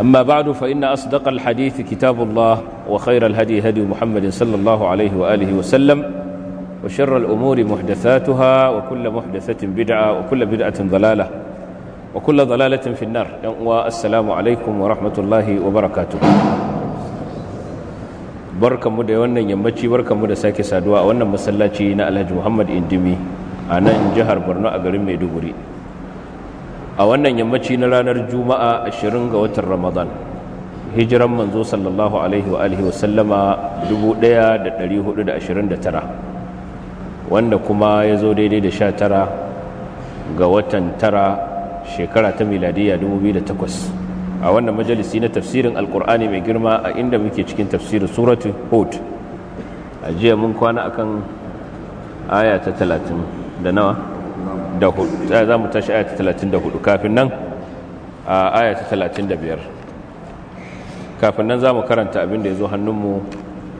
أما بعد فإن أصدق الحديث كتاب الله وخير الهدي هدي محمد صلى الله عليه وآله وسلم وشر الأمور محدثاتها وكل محدثة بدعة وكل بدعة ضلالة وكل ضلالة في النار والسلام عليكم ورحمة الله وبركاته barkanmu da wannan yammaci barkanmu da sake saduwa a wannan masallaci na Alhaji Muhammad Indimi a nan jihar Borno a garin Maiduguri a wannan yammaci na ranar juma'a 20 ga watan ramadan hijiran manzo sallallahu alaihi wa alihi wa sallama 1429 wanda kuma ya zo daidai da 19 ga watan tara shekara ta miladiyya 2008 a wannan majalisi na tafsirin alkur'ani mai girma a inda muke cikin tafsirin suratu hud a jiya mun kwana akan aya ta 30 da nawa za mu tashi ayata talatin da hudu kafin nan a ayata talatin da biyar kafin nan za mu karanta abin da ya zo hannunmu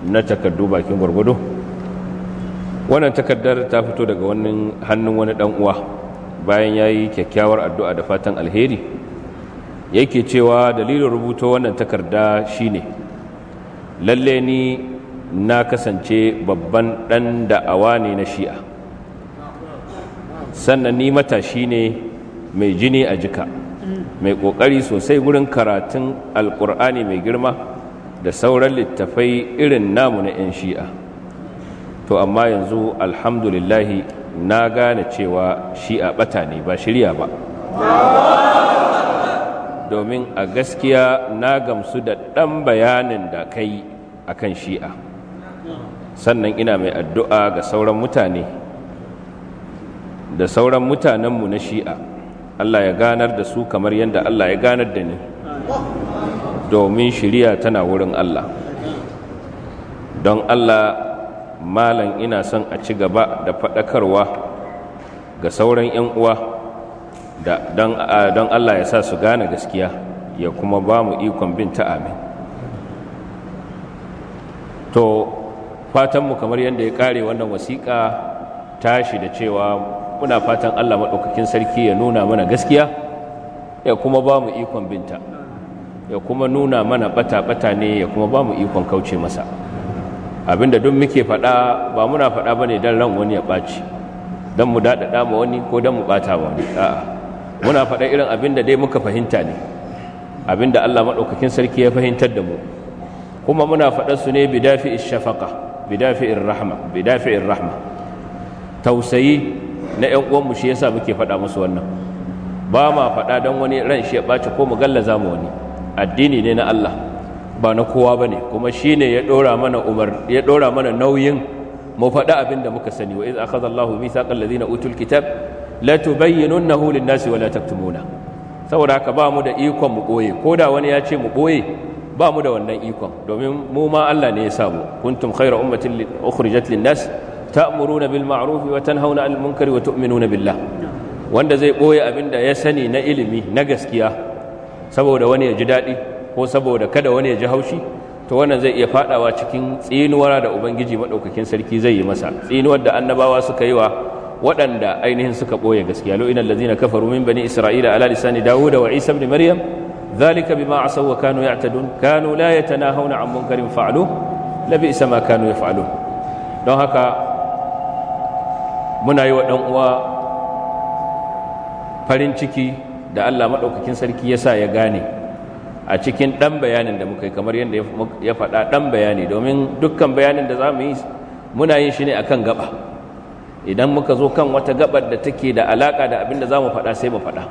na takardu bakin gwargwado wannan takardar ta fito daga wani hannun wani uwa bayan ya yi kyakkyawar addu'a da fatan alheri yake cewa dalilin rubuto wannan takarda shine lalle ni na kasance babban dan da'awa ne na shi'a sannan ni matashi ne mai jini a jika mai ƙoƙari sosai wurin karatun alƙur'ani mai girma da sauran littafai irin namu na 'yan shi'a to amma yanzu alhamdulillahi na gane cewa shi'a ɓata ne ba shirya ba domin a gaskiya na gamsu da ɗan bayanin da kai akan shi'a sannan ina mai addu'a ga sauran mutane da sauran mutanenmu na shi'a Allah ya ganar da su kamar yadda Allah ya ganar da ni domin shiriya tana wurin Allah don Allah malam ina son a ci gaba da faɗakarwa ga sauran 'yan uwa don Allah ya sa su gane gaskiya ya kuma ba mu ikon bin ta'amin. to fatanmu kamar yadda ya kare wannan wasiƙa tashi da cewa muna fatan Allah maɗaukakin sarki ya nuna mana gaskiya ya kuma ba mu ikon binta ya kuma nuna mana bata-bata ne ya kuma ba mu ikon kauce masa abinda duk muke faɗa ba muna faɗa ba ne don ran wani ya ɓaci don mu daɗaɗa ma wani ko don mu ɓata ma wani a'a muna faɗa irin abinda dai muka fahimta ne abinda Allah maɗaukakin sarki ya fahimtar da mu kuma muna faɗa su ne bidafi'ir shafaqa bidafi'ir rahma bidafi'ir rahma tausayi na yan uwanmu shi yasa muke faɗa musu wannan ba ma faɗa don wani ran shi ya ɓaci ko mu gallaza mu wani addini ne na Allah ba na kowa ba ne kuma shi ne ya ɗora mana umar ya ɗora mana nauyin mu faɗa abin da muka sani wa iz akhadha Allahu mithaqal ladina utul kitab la tubayyinunnahu lin-nasi wa la taktumuna saboda haka ba mu da ikon mu boye da wani ya ce mu boye ba mu da wannan ikon domin mu ma Allah ne ya samu kuntum khayra ummatin ukhrijat lin-nas ta'muruna bil ma'ruf wa tanhauna 'anil munkari wanda zai boye da ya sani na ilimi na gaskiya saboda wani ya ji daɗi ko saboda kada wani ya ji haushi to wannan zai iya faɗawa cikin tsinuwar da ubangiji madaukakin sarki zai yi masa tsinuwar da annabawa suka yi wa waɗanda ainihin suka ɓoye gaskiya lo inal na kafaru min bani isra'ila ala lisani dawuda wa isa ibn maryam ذلك بما عصوا وكانوا يعتدون كانوا لا يتناهون عن منكر فعلوه لبئس ما كانوا يفعلون don haka muna yi wa ɗan uwa farin ciki da Allah maɗaukakin sarki ya sa ya gane a cikin ɗan bayanin da muka yi kamar yadda ya faɗa ɗan bayani domin dukkan bayanin da za mu yi muna yin shi ne a kan gaba idan muka zo kan wata gabar da take da alaƙa da abin da za mu faɗa sai mu faɗa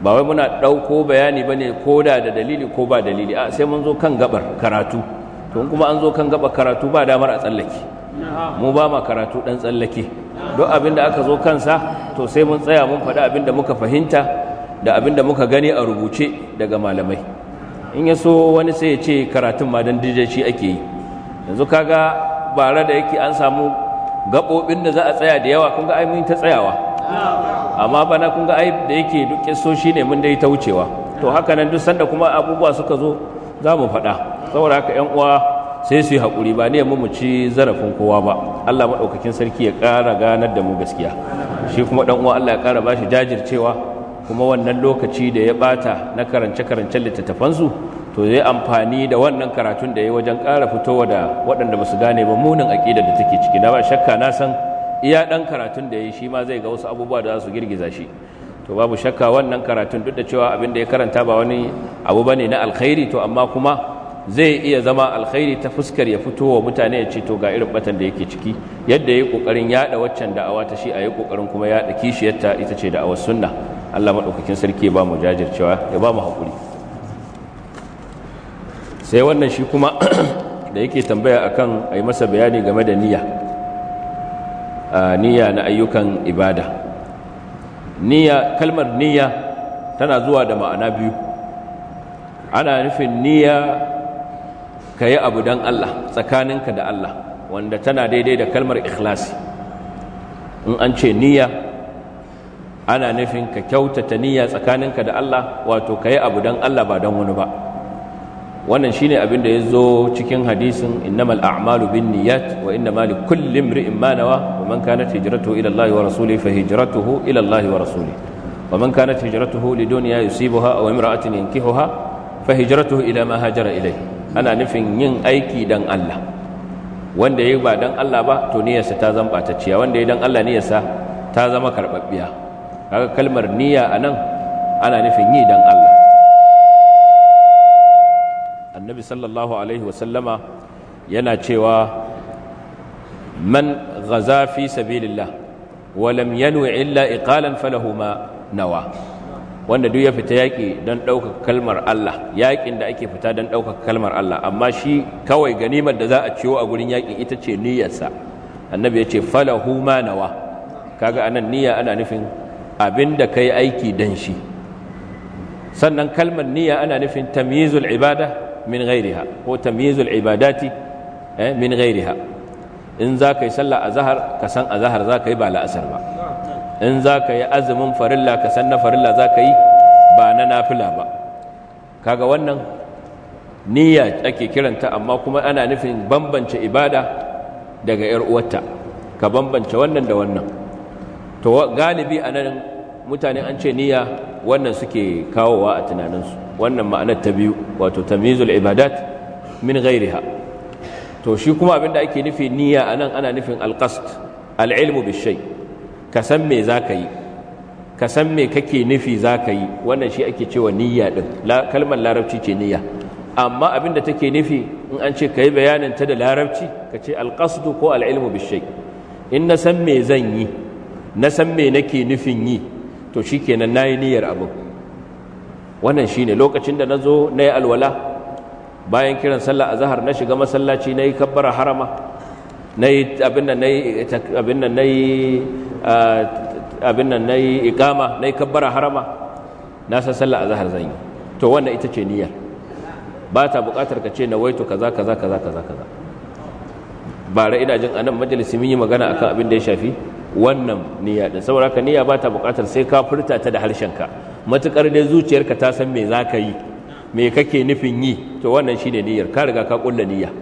ba wai muna ɗauko bayani ba ne ko da da dalili ko ba dalili a sai mun zo kan gabar karatu to kuma an zo kan gabar karatu ba damar a tsallake mu ba ma karatu ɗan tsallake don abin da aka zo kansa to sai mun tsaya mun faɗi abin da muka fahimta da abin da muka gani a rubuce daga malamai in ya so wani sai ya ce karatun ma don shi ake yi yanzu kaga bara da yake an samu gaɓoɓin da za a tsaya da yawa kun ga ta tsayawa amma bana kun ga ai da yake duk shi ne mun dai ta wucewa to haka nan duk sanda kuma abubuwa suka zo za mu faɗa saboda haka 'yan uwa sai su yi haƙuri ba ne mu ci zarafin kowa ba Allah maɗaukakin sarki ya ƙara ganar da mu gaskiya shi kuma ɗan uwa Allah ya ƙara ba shi jajircewa kuma wannan lokaci da ya ɓata na karance-karancen littattafansu to zai amfani da wannan karatun da ya wajen ƙara fitowa da waɗanda ba su gane ba munin aƙidar da take ciki na ba shakka na san iya ɗan karatun da ya yi shi ma zai ga wasu abubuwa da za su girgiza shi to babu shakka wannan karatun duk da cewa abin da ya karanta ba wani abu bane na alkhairi to amma kuma zai iya zama alkhairi ta fuskar ya fito wa mutane ya ce to ga irin batan da yake ciki yadda ya yi kokarin yada waccan da'awa ta shi a yi kokarin kuma yada kishiyarta ita ce da'awa. sunna Allah maɗaukakin sarki ya ba mu jajircewa ya ba mu haƙuri. sai wannan shi kuma da yake tambaya akan yi masa bayani game da niyya niyya na ayyukan ibada kalmar niyya tana zuwa da ma'ana biyu ana nufin niyya ka yi abu don Allah tsakaninka da Allah wanda tana daidai da kalmar ikhlasi in an ce niyya ana nufin ka kyautata niyya tsakaninka da Allah wato ka yi abu don Allah ba don wani ba wannan shine abin da ya zo cikin hadisin innamal a'malu bin niyyat wa innama li kulli imri'in ma nawa wa man kanat hijratuhu ila Allah wa rasuli fa hijratuhu ila Allah wa rasulihi wa man kanat hijratuhu lidunya yusibuha aw imra'atin yankihuha fa hijratuhu ila ma hajara ilayhi ana nufin yin aiki dan Allah wanda ya ba dan Allah ba to niyyarsa ta zama ɓatacciya wanda ya dan Allah niyyarsa ta zama karɓaɓɓiya kaga kalmar niyya a nan ana nufin yi dan Allah annabi sallallahu alaihi wasallama yana cewa man ghaza fi sabilillah wa lam yanwi illa iqalan falahu ma nawa wanda duk ya fita yaƙi don ɗaukar kalmar Allah yaƙin da ake fita don ɗaukar kalmar Allah amma shi kawai ganimar da za a ciwo a gurin yaƙin ita ce niyyarsa annabi ya ce falahu ma nawa kaga anan niyya ana nufin abin da yi aiki dan shi sannan kalmar niyya ana nufin tamyizul ibada min ghairiha ko tamyizul ibadati eh, min ghairiha in za ka yi sallah azhar ka san azhar za ka yi ba la'asar ba in za ka yi azumin farilla ka san na farilla za ka yi ba na nafila ba kaga wannan niyya ake kiranta amma kuma ana nufin bambance ibada daga 'yar uwarta ka bambance wannan da wannan to galibi a nan mutane an ce niyya wannan suke kawowa a tunaninsu wannan ma'anar ta biyu wato tamizul ibadat min ghairiha to shi kuma abinda ake nufin niyya anan ana nufin alqasd al'ilmu bishai ka san me za ka yi ka san me kake nufi za ka yi wannan shi ake cewa niyya din kalmar larabci ce niyya amma abin da take nufi in an ce ka yi bayanin ta da larabci ka ce alƙasdu ko al'ilmu bishai in na san me zan yi na san me nake nufin yi to shi kenan na yi niyyar abu. wannan shi ne lokacin da na zo na yi alwala bayan kiran sallah a zahar na shiga masallaci na yi kabbara harama na yi abin nan na yi abin nan na yi ikama na yi kabbara harama na san sallah a zahar zan yi to wannan ita ce niyyar ba ta buƙatar ka ce na waito kaza kaza kaza kaza kaza bara ina jin anan majalisi mun yi magana a kan abin da ya shafi wannan niyya din saboda haka niyya ba ta buƙatar sai ka furta ta da harshen ka. matukar dai zuciyarka ta san me za ka yi me kake nufin yi to wannan shi ne niyyar ka riga ka ƙulla niyya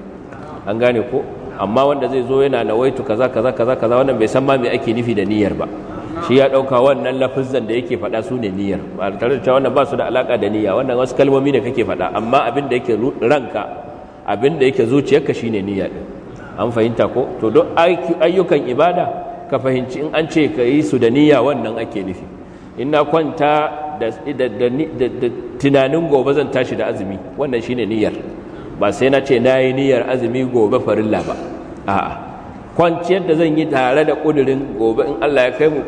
an gane ko amma wanda zai zo yana waitu kaza kaza kaza kaza wannan bai san ma me ake nufi da niyyar ba shi ya dauka wannan lafazzan da yake faɗa su ne niyyar ba tare da cewa wannan ba su da alaka da niyya wannan wasu kalmomi ne kake faɗa amma abin da yake ranka abin da yake zuciyarka shine niyya din an fahimta ko to duk ayyukan ibada ka fahimci in an ce ka yi su da niyya wannan ake nufi in na kwanta da tunanin gobe zan tashi da azumi wannan shine niyyar ba sai na ce na yi niyyar azumi gobe farilla ba a'a kwanciyar da zan yi tare da ƙudurin gobe in Allah ya kai mu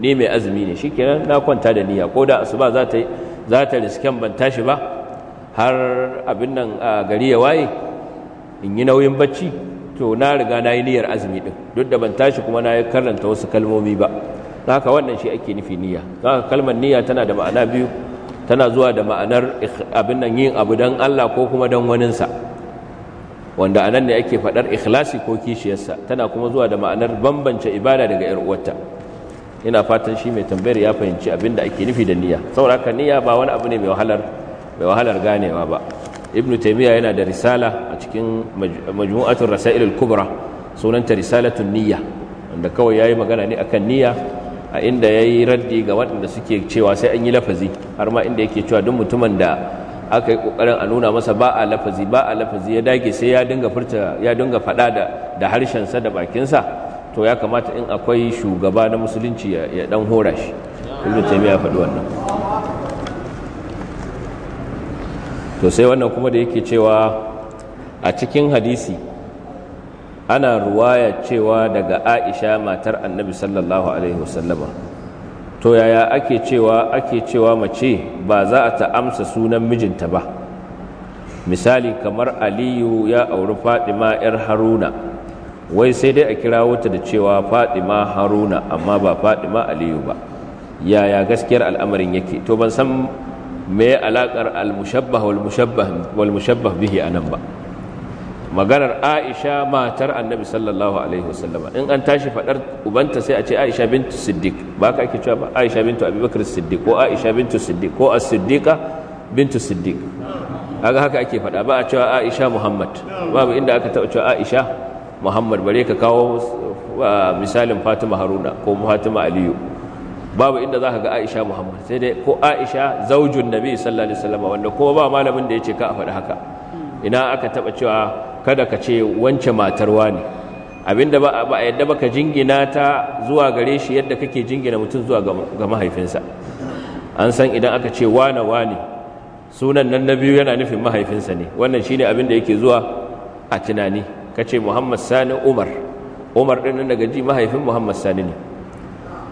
ni mai azumi ne shikenan na kwanta da niyya ko da asuba za ta za ta risken ban tashi ba har abin nan a gari ya waye in yi nauyin bacci to na riga na yi niyyar azumi din duk da ban tashi kuma na yi karanta wasu kalmomi ba haka wannan shi ake nufi niyya kalmar niyya tana da ma'ana biyu tana zuwa da ma'anar abin nan yin abu don Allah ko kuma don waninsa wanda anan ne ake faɗar ikhlasi ko kishiyarsa tana kuma zuwa da ma'anar bambance ibada daga yar uwarta ina fatan shi mai tambayar ya fahimci abin da ake nufi da niyya saboda niyya ba wani abu ne mai wahalar mai wahalar ganewa ba ibnu taymiya yana da risala a cikin majmu'atul rasail al-kubra sunanta risalatun niyya wanda kawai yayi magana ne akan niyya a inda ya yi raddi ga waɗanda suke cewa sai an yi lafazi har ma inda yake cewa duk mutumin da aka yi ƙoƙarin a nuna masa ba a lafazi ba a lafazi ya dage sai ya dinga furta ya dinga faɗa da da harshensa da bakinsa to ya kamata in akwai shugaba na musulunci ya ɗan hora shi ibnu taymiya faɗi wannan to sai wannan kuma da yake cewa a cikin hadisi ana ruwaya cewa daga aisha matar annabi sallallahu alaihi wasallama to yaya ake cewa ake cewa mace ba za a ta amsa sunan mijinta ba misali kamar aliyu ya auri fadima yar haruna wai sai dai a kira ta da cewa fadima haruna amma ba fadima aliyu ba yaya gaskiyar al'amarin yake to ban san me alaƙar al-mushabbah wal-mushabbah wal-mushabbah bihi anan ba maganar aisha matar annabi sallallahu alaihi wasallama in an tashi fadar ubanta sai a ce aisha bintu siddiq ba ka ake cewa ba aisha bintu abubakar siddiq ko aisha bintu siddiq ko as-siddiqa bintu siddiq kaga haka ake fada ba a cewa aisha muhammad babu inda aka taɓa cewa aisha muhammad bare ka kawo misalin fatima haruna ko fatima aliyu babu inda za ka ga aisha muhammad sai dai ko aisha zaujun nabi sallallahu alaihi wasallama wanda kuma ba malamin da ya ce ka a faɗi haka ina aka taɓa cewa kada ka ce wance matarwa ne abinda ba a yadda baka jingina ta zuwa gare shi yadda kake jingina mutum zuwa ga mahaifinsa an san idan aka ce wane wane sunan nan na biyu yana nufin mahaifinsa ne wannan shine abin da yake zuwa a tunani Ka ce Muhammad Sani Umar Umar ɗin nan daga ji mahaifin Muhammad Sani ne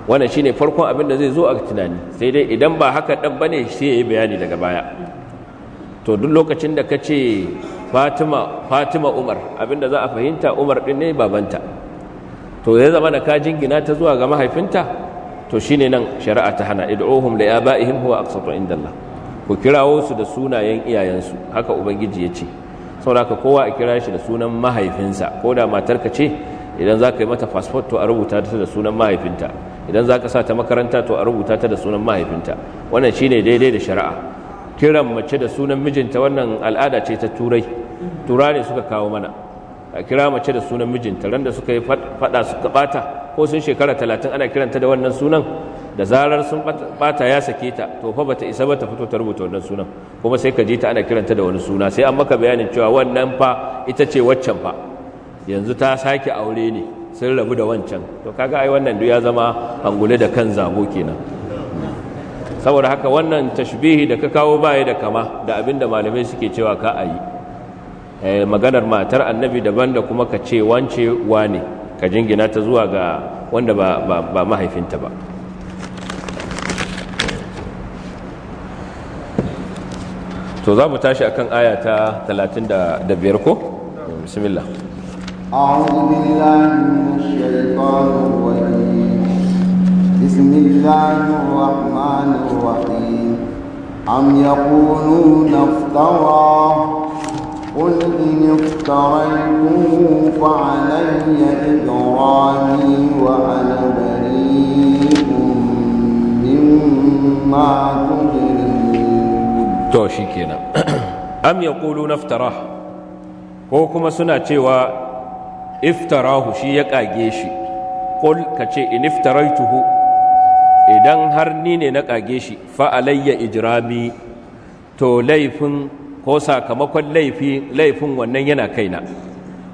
wannan shine farkon abin da zai zo a tunani sai dai idan ba haka dan bane sai ya yi bayani daga baya to duk lokacin da ka ce. fatima fatima umar abinda za a fahimta umar din ne babanta to ya zama da ka jingina ta zuwa ga mahaifinta to shine nan shari'a ta hana id'uhum li abaihim huwa aqsatu indallah ku kirawo su da sunayen iyayensu haka ubangiji ya ce saboda kowa a kira shi da sunan mahaifinsa ko da matarka ce idan za ka yi mata fasfot to a rubuta ta da sunan mahaifinta idan za ka sa ta makaranta to a rubuta ta da sunan mahaifinta wannan shine daidai da shari'a kiran mace da sunan mijinta wannan al'ada ce ta turai tura ne suka kawo mana a kira mace da sunan mijinta ran da suka yi fada suka bata ko sun shekara talatin ana kiranta da wannan sunan da zarar sun bata ya sake ta to fa bata isa ba ta fito ta rubuta wannan sunan kuma sai ka je ta ana kiranta da wani suna sai an maka bayanin cewa wannan fa ita ce waccan fa yanzu ta sake aure ne sun rabu da wancan to kaga ai wannan duk ya zama angule da kan zabo kenan saboda haka wannan tashbihi da ka kawo baya da kama da abinda malamai suke cewa ka a yi eh, maganar matar annabi daban da kuma ka ce wance ne, ka jingina ta zuwa ga wanda ba mahaifinta ba to za mu tashi akan aya ta 35 ko bismillah a'udhu billahi بسم الله الرحمن الرحيم أم يقولون افترى قل إن افتريته فعلي إجرامي وأنا بريء مما تجرمون توشيكينا أم يقولون افتراه وكما و افتراه شيئا قل كشيء إن افتريته idan har ni ne na ƙage shi fa'alayya ijirami to laifin ko sakamakon laifin wannan yana kaina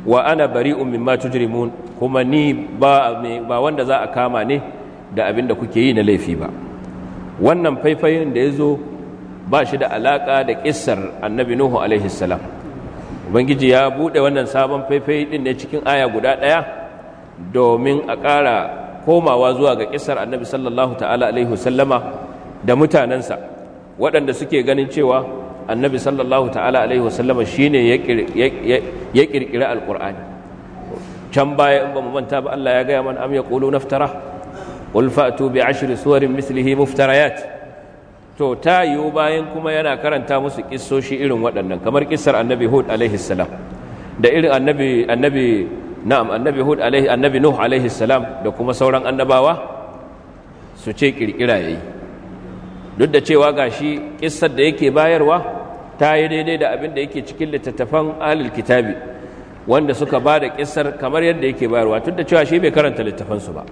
wa ana bari ma tujrimun kuma ni ba wanda za a kama ne da abin da kuke yi na laifi ba wannan faifayin da ya zo ba shi da alaƙa da ƙisar annabi nuhu salam ubangiji ya buɗe wannan sabon faifai ɗin ne cikin aya guda ɗaya domin a ƙara komawa zuwa ga kisar annabi sallallahu ta'ala alaihi wasallama da mutanensa waɗanda suke ganin cewa annabi sallallahu ta'ala alaihi shi shine ya kirkiri alqur'ani can baya in ba mu manta ba Allah ya gaya man am yaqulu naftara qul fa'tu bi ashri suwarin mislihi muftarayat to ta yiwu bayan kuma yana karanta musu kissoshi irin waɗannan kamar kisar annabi hud alaihi salam da irin annabi annabi na'am annabi hud alaihi annabi nuh alaihi salam da kuma sauran annabawa su ce kirkira yayi duk da cewa gashi kissar da yake bayarwa ta yi daidai da abin da yake cikin littattafan ahlul kitabi wanda suka ba da kissar kamar yadda yake bayarwa tun da cewa shi bai karanta littafan su ba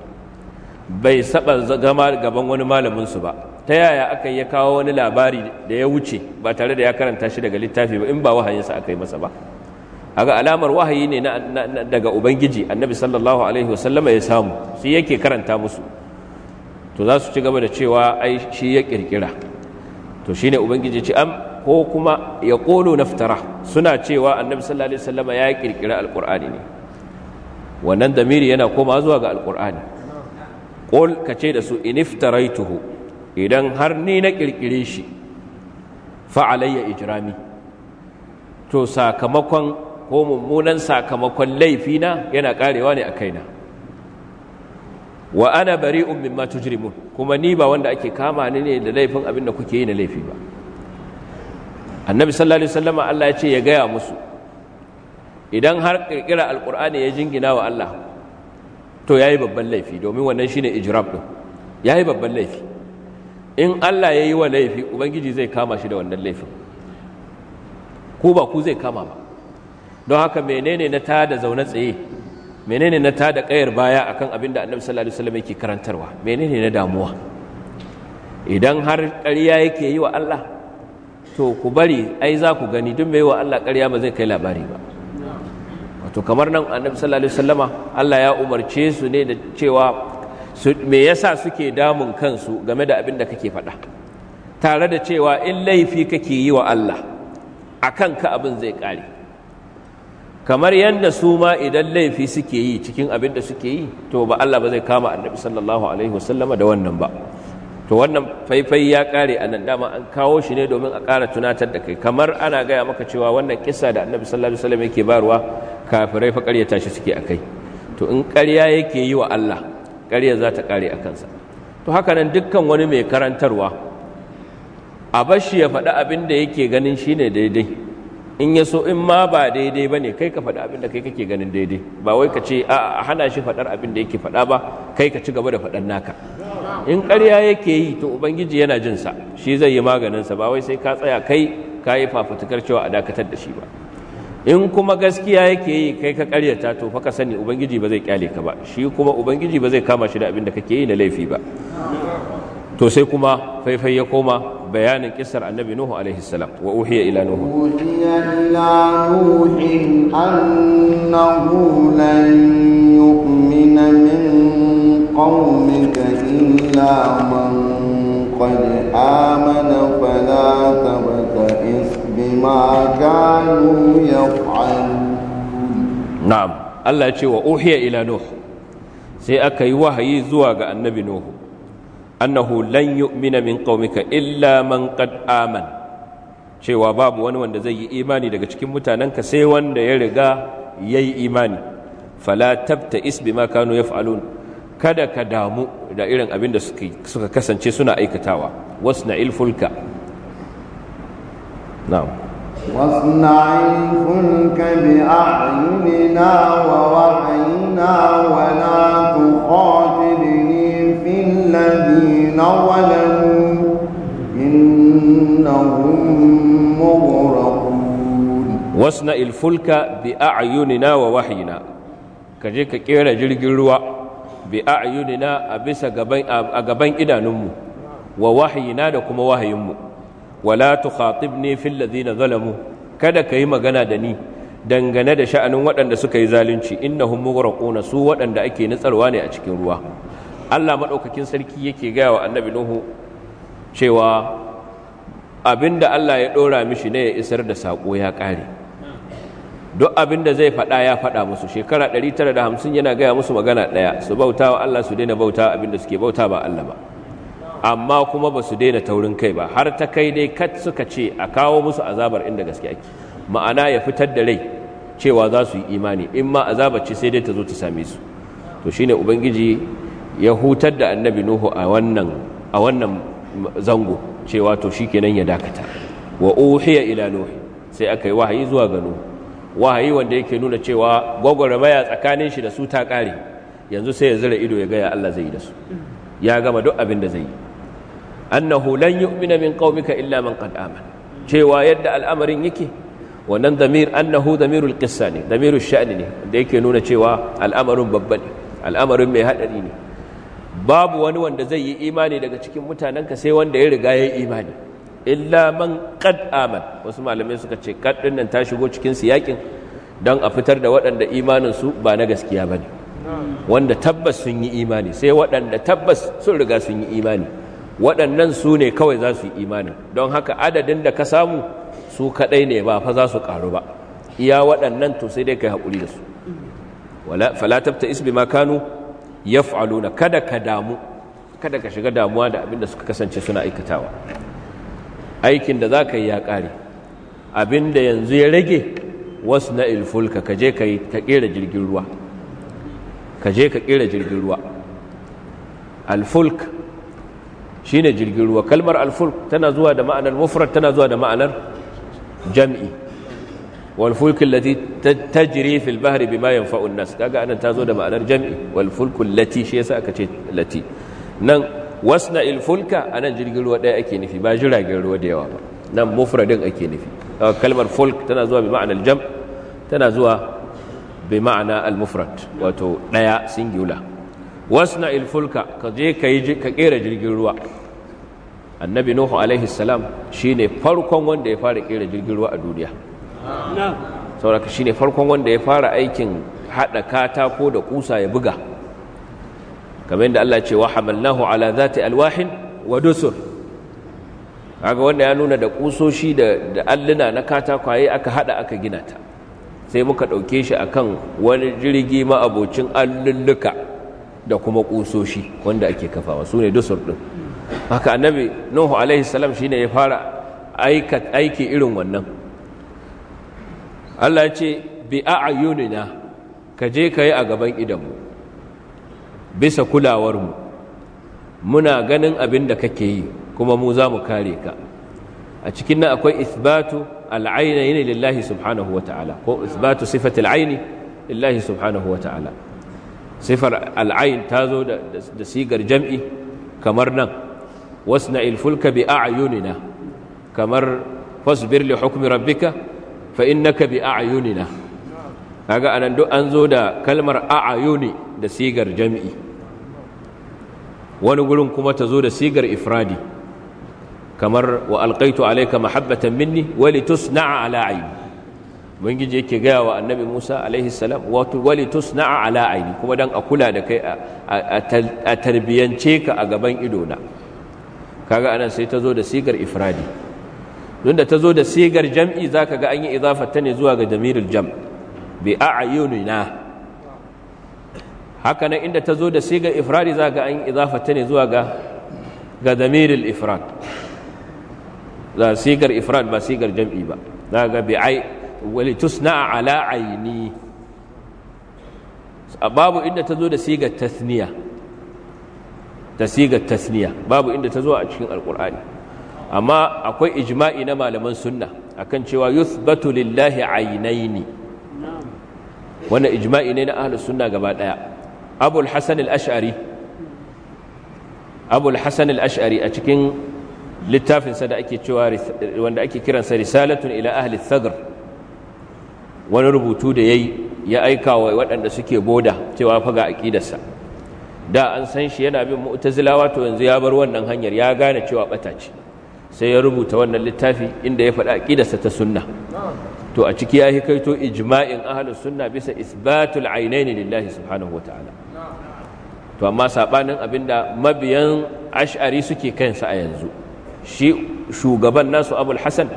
bai saba zama gaban wani malamin su ba ta yaya aka ya kawo wani labari da ya wuce ba tare da ya karanta shi daga littafi ba in ba wahayinsa aka yi masa ba aga alamar wahayi ne daga ubangiji annabi sallallahu alaihi wasallama ya samu shi yake karanta musu to za su ci gaba da cewa ai shi ya kirkira to shine ubangiji ce am ko kuma ya kolo naftara suna cewa annabi sallallahu alaihi wasallama ya kirkira alkur'ani ne wannan damiri yana koma zuwa ga alqur'ani ka kace da su iniftaraituhu idan har ni na kirkire shi fa alayya ijrami to sakamakon ko mummunan sakamakon laifina yana karewa ne a kaina wa ana ummin mimma tujrimun kuma ni ba wanda ake kama ni ne da laifin abin da kuke yi na laifi ba annabi sallallahu alaihi wasallama Allah ya ce ya gaya musu idan har kirkira alkur'ani ya jingina wa Allah to yayi babban laifi domin wannan shine ijrab din yayi babban laifi in Allah yayi wa laifi ubangiji zai kama shi da wannan laifin ko ba ku zai kama ba don haka menene na da zaune tsaye menene na tada kayar baya akan abin da annabi sallallahu alaihi wasallam yake karantarwa menene na damuwa idan har ƙarya yake yi wa Allah to ku bari ai za ku gani duk mai wa Allah ƙarya ba zai kai labari ba wato kamar nan annabi sallallahu alaihi wasallama Allah ya umarce su ne da cewa me yasa suke damun kansu game da abin da kake faɗa tare da cewa in laifi kake yi wa Allah a ka abin zai ƙare kamar yadda su ma idan laifi suke yi cikin abin da suke yi to ba Allah ba zai kama annabi sallallahu alaihi wasallama da wannan ba to wannan faifai ya kare a nan dama an kawo shi ne domin a kara tunatar da kai kamar ana gaya maka cewa wannan kisa da annabi sallallahu alaihi wasallam yake barwa kafirai fa ta shi suke kai. to in ƙarya yake yi wa Allah ƙarya za ta kare a kansa to haka nan dukkan wani mai karantarwa a bashi ya faɗi abin da yake ganin shine daidai in ya so in ma ba daidai ba ne kai ka faɗi abin da kai kake ganin daidai ba wai ka ce a hana shi faɗar abin da yake faɗa ba kai ka ci gaba da faɗar naka in ƙarya yake yi to ubangiji yana jin sa shi zai yi maganinsa ba wai sai ka tsaya kai ka yi fafutukar cewa a dakatar da shi ba in kuma gaskiya yake yi kai ka ƙaryata to fa ka sani ubangiji ba zai kyale ka ba shi kuma ubangiji ba zai kama shi da abin da kake yi na laifi ba to sai kuma faifai ya koma bayanin kisar annabi nuhu alaihi salam wa uhiya ila nuhu uhiya ila nuhin annahu lan yu'mina min man qad amana fala tabta'is bima kanu yaf'alun na'am Allah ya ce wa uhiya ila sai aka yi wahayi zuwa ga annabi nuhu annahu lan yu'mina min qaumika illa man qad cewa babu wani wanda zai yi imani daga cikin mutanenka sai wanda ya riga yayi imani fala tabta is bima kanu yaf'alun kada ka damu da irin abin da suka kasance suna aikatawa wasna'il fulka na'am واصنع الفلك بأعيننا ووحينا ولا تخاطبني في الذين ظلموا إنهم مغرقون واصنع الفلك بأعيننا ووحينا كجيك كيرا جلجلوا بأعيننا أبس أقبين إلى نمو ووحينا لكم وحيمو ولا تخاطبني في الذين ظلموا kada ka yi magana da ni dangane da sha'anin waɗanda suka yi zalunci innahum mughraquna su waɗanda ake nutsarwa ne a cikin ruwa Allah maɗaukakin sarki yake gaya wa annabi Nuhu cewa abinda Allah ya ɗora mishi ne ya isar da saƙo ya ƙare duk da zai faɗa ya faɗa musu shekara 950 yana gaya musu magana ɗaya su bauta wa Allah su daina bauta abinda suke bauta ba Allah ba amma kuma ba su daina taurin kai ba har ta kai dai kat suka ce a kawo musu azabar inda gaske ake ma'ana ya fitar da rai cewa za su yi imani in ma azabar ce sai dai ta zo ta same su to shine ubangiji ya hutar da annabi nuhu a wannan zango cewa to shi kenan ya dakata wa uhiya ila nuhu sai aka yi wahayi zuwa ga nuhu wahayi wanda yake nuna cewa gwagwarmaya tsakanin shi da su ta kare yanzu sai ya zira ido ya gaya Allah zai yi da su ya gama duk abin da zai yi annahu lan yu'mina min qaumika illa man qad aman. cewa yadda al'amarin yake wannan damir annahu damirul qissa ne damirul sha'ni ne da yake nuna cewa al'amarin babba al'amarin mai hadari ne babu wani wanda zai yi imani daga cikin mutanenka sai wanda ya riga ya yi imani illa man qad aman wasu malamai suka ce qad din nan ta shigo cikin siyakin don a fitar da waɗanda imanin su ba na gaskiya bane wanda tabbas sun yi imani sai waɗanda tabbas sun riga sun yi imani waɗannan su ne kawai za su yi imanin don haka adadin da ka samu su kaɗai ne ba fa za su ƙaru ba iya waɗannan to sai dai kai haƙuri da su fala tabta isbi ma kanu yaf'aluna kada ka damu kada ka shiga damuwa da abin da suka kasance suna aikatawa aikin da za ka yi ya ƙare abinda yanzu ya rage wasu na ilfulka ka je ka ƙera jirgin ruwa ka je ka ƙera jirgin ruwa alfulk shi ne jirgin ruwa kalmar alfulk tana zuwa da ma'anar mufrad tana zuwa da ma'anar jam'i wal fulku allati tajri fil bahri bima yanfa'u an-nas kaga anan tazo da ma'anar jam'i wal fulku allati shi yasa aka ce lati nan wasna il fulka anan jirgin ruwa daya ake nufi ba jiragen ruwa da yawa ba nan mufradin ake nufi kalmar fulk tana zuwa bi ma'anar jam tana zuwa bi ma'ana al-mufrad wato daya singular wasna Fulka ka je ka kera jirgin ruwa annabi nuhu alaihi salam shine farkon wanda ya fara kera jirgin ruwa a duniya sauraka shi ne farkon wanda ya fara aikin haɗa katako da kusa ya buga kamar yadda Allah ce wa hamalnahu ala zati alwahin wa dusur kaga wanda ya nuna da kusoshi da da alluna na katakwaye aka hada aka gina ta sai muka dauke shi akan wani jirgi ma abocin allulluka da kuma kusoshi wanda ake kafawa sune dusur din haka annabi nuhu alaihi salam shine ya fara aika aiki irin wannan Allah ce bi a'yunina ka je ka yi a gaban idanmu bisa kulawarmu muna ganin abin da kake yi kuma mu za mu kare ka a cikin nan akwai isbatu al'aini lillahi subhanahu wata'ala ko isbatu sifat al'aini lillahi subhanahu wata'ala sifar alayyin ta zo da sigar jam'i kamar nan wasna ilfulka bi a'yunina kamar fasbir li hukmi rabbika fa innaka bi a'yunina kaga anan duk an zo da kalmar a'ayuni da sigar jami'i wani gurin kuma ta zo da sigar ifradi kamar wa alƙaitu alaika mahabbatan minni wa litusna'a ala ayni ubangiji yake gaya wa annabi Musa alaihi salam wato wali tusna'a ala aini kuma dan a kula da kai a tarbiyance ka a gaban idona kaga anan sai ta zo da sigar ifradi don da ta zo da sigar jam'i za ka ga an yi izafarta ne zuwa ga damirul jam bi a'yunina haka nan inda ta zo da sigar ifrari za ka ga an yi izafarta ne zuwa ga ga damirul ifrad za sigar ifrad ba sigar jam'i ba za ga bi ai walitus tusna ala aini babu inda ta zo da sigar tasniya da sigar tasniya babu inda ta zo a cikin alqur'ani amma akwai ijma'i na malaman sunna akan cewa yuthbatu lillahi aynaini wannan ijma'i ne na ahlus sunna gaba daya abul hasan al-ash'ari abul hasan al-ash'ari a cikin littafinsa da ake cewa wanda ake kiransa risalatun ila ahli thagr wani rubutu da yayi ya aika wa waɗanda suke boda cewa fa ga aqidarsa da an san shi yana bin mu'tazilawa to yanzu ya bar wannan hanyar ya gane cewa bata ce sai ya rubuta wannan littafi inda ya faɗa aqidarsa ta sunna to a ciki ya kaito ijma'in ahlus sunna bisa isbatul ainaini lillahi subhanahu ta'ala. to amma saɓanin abinda mabiyan ash'ari suke kansa a yanzu shi shugaban nasu abul hasan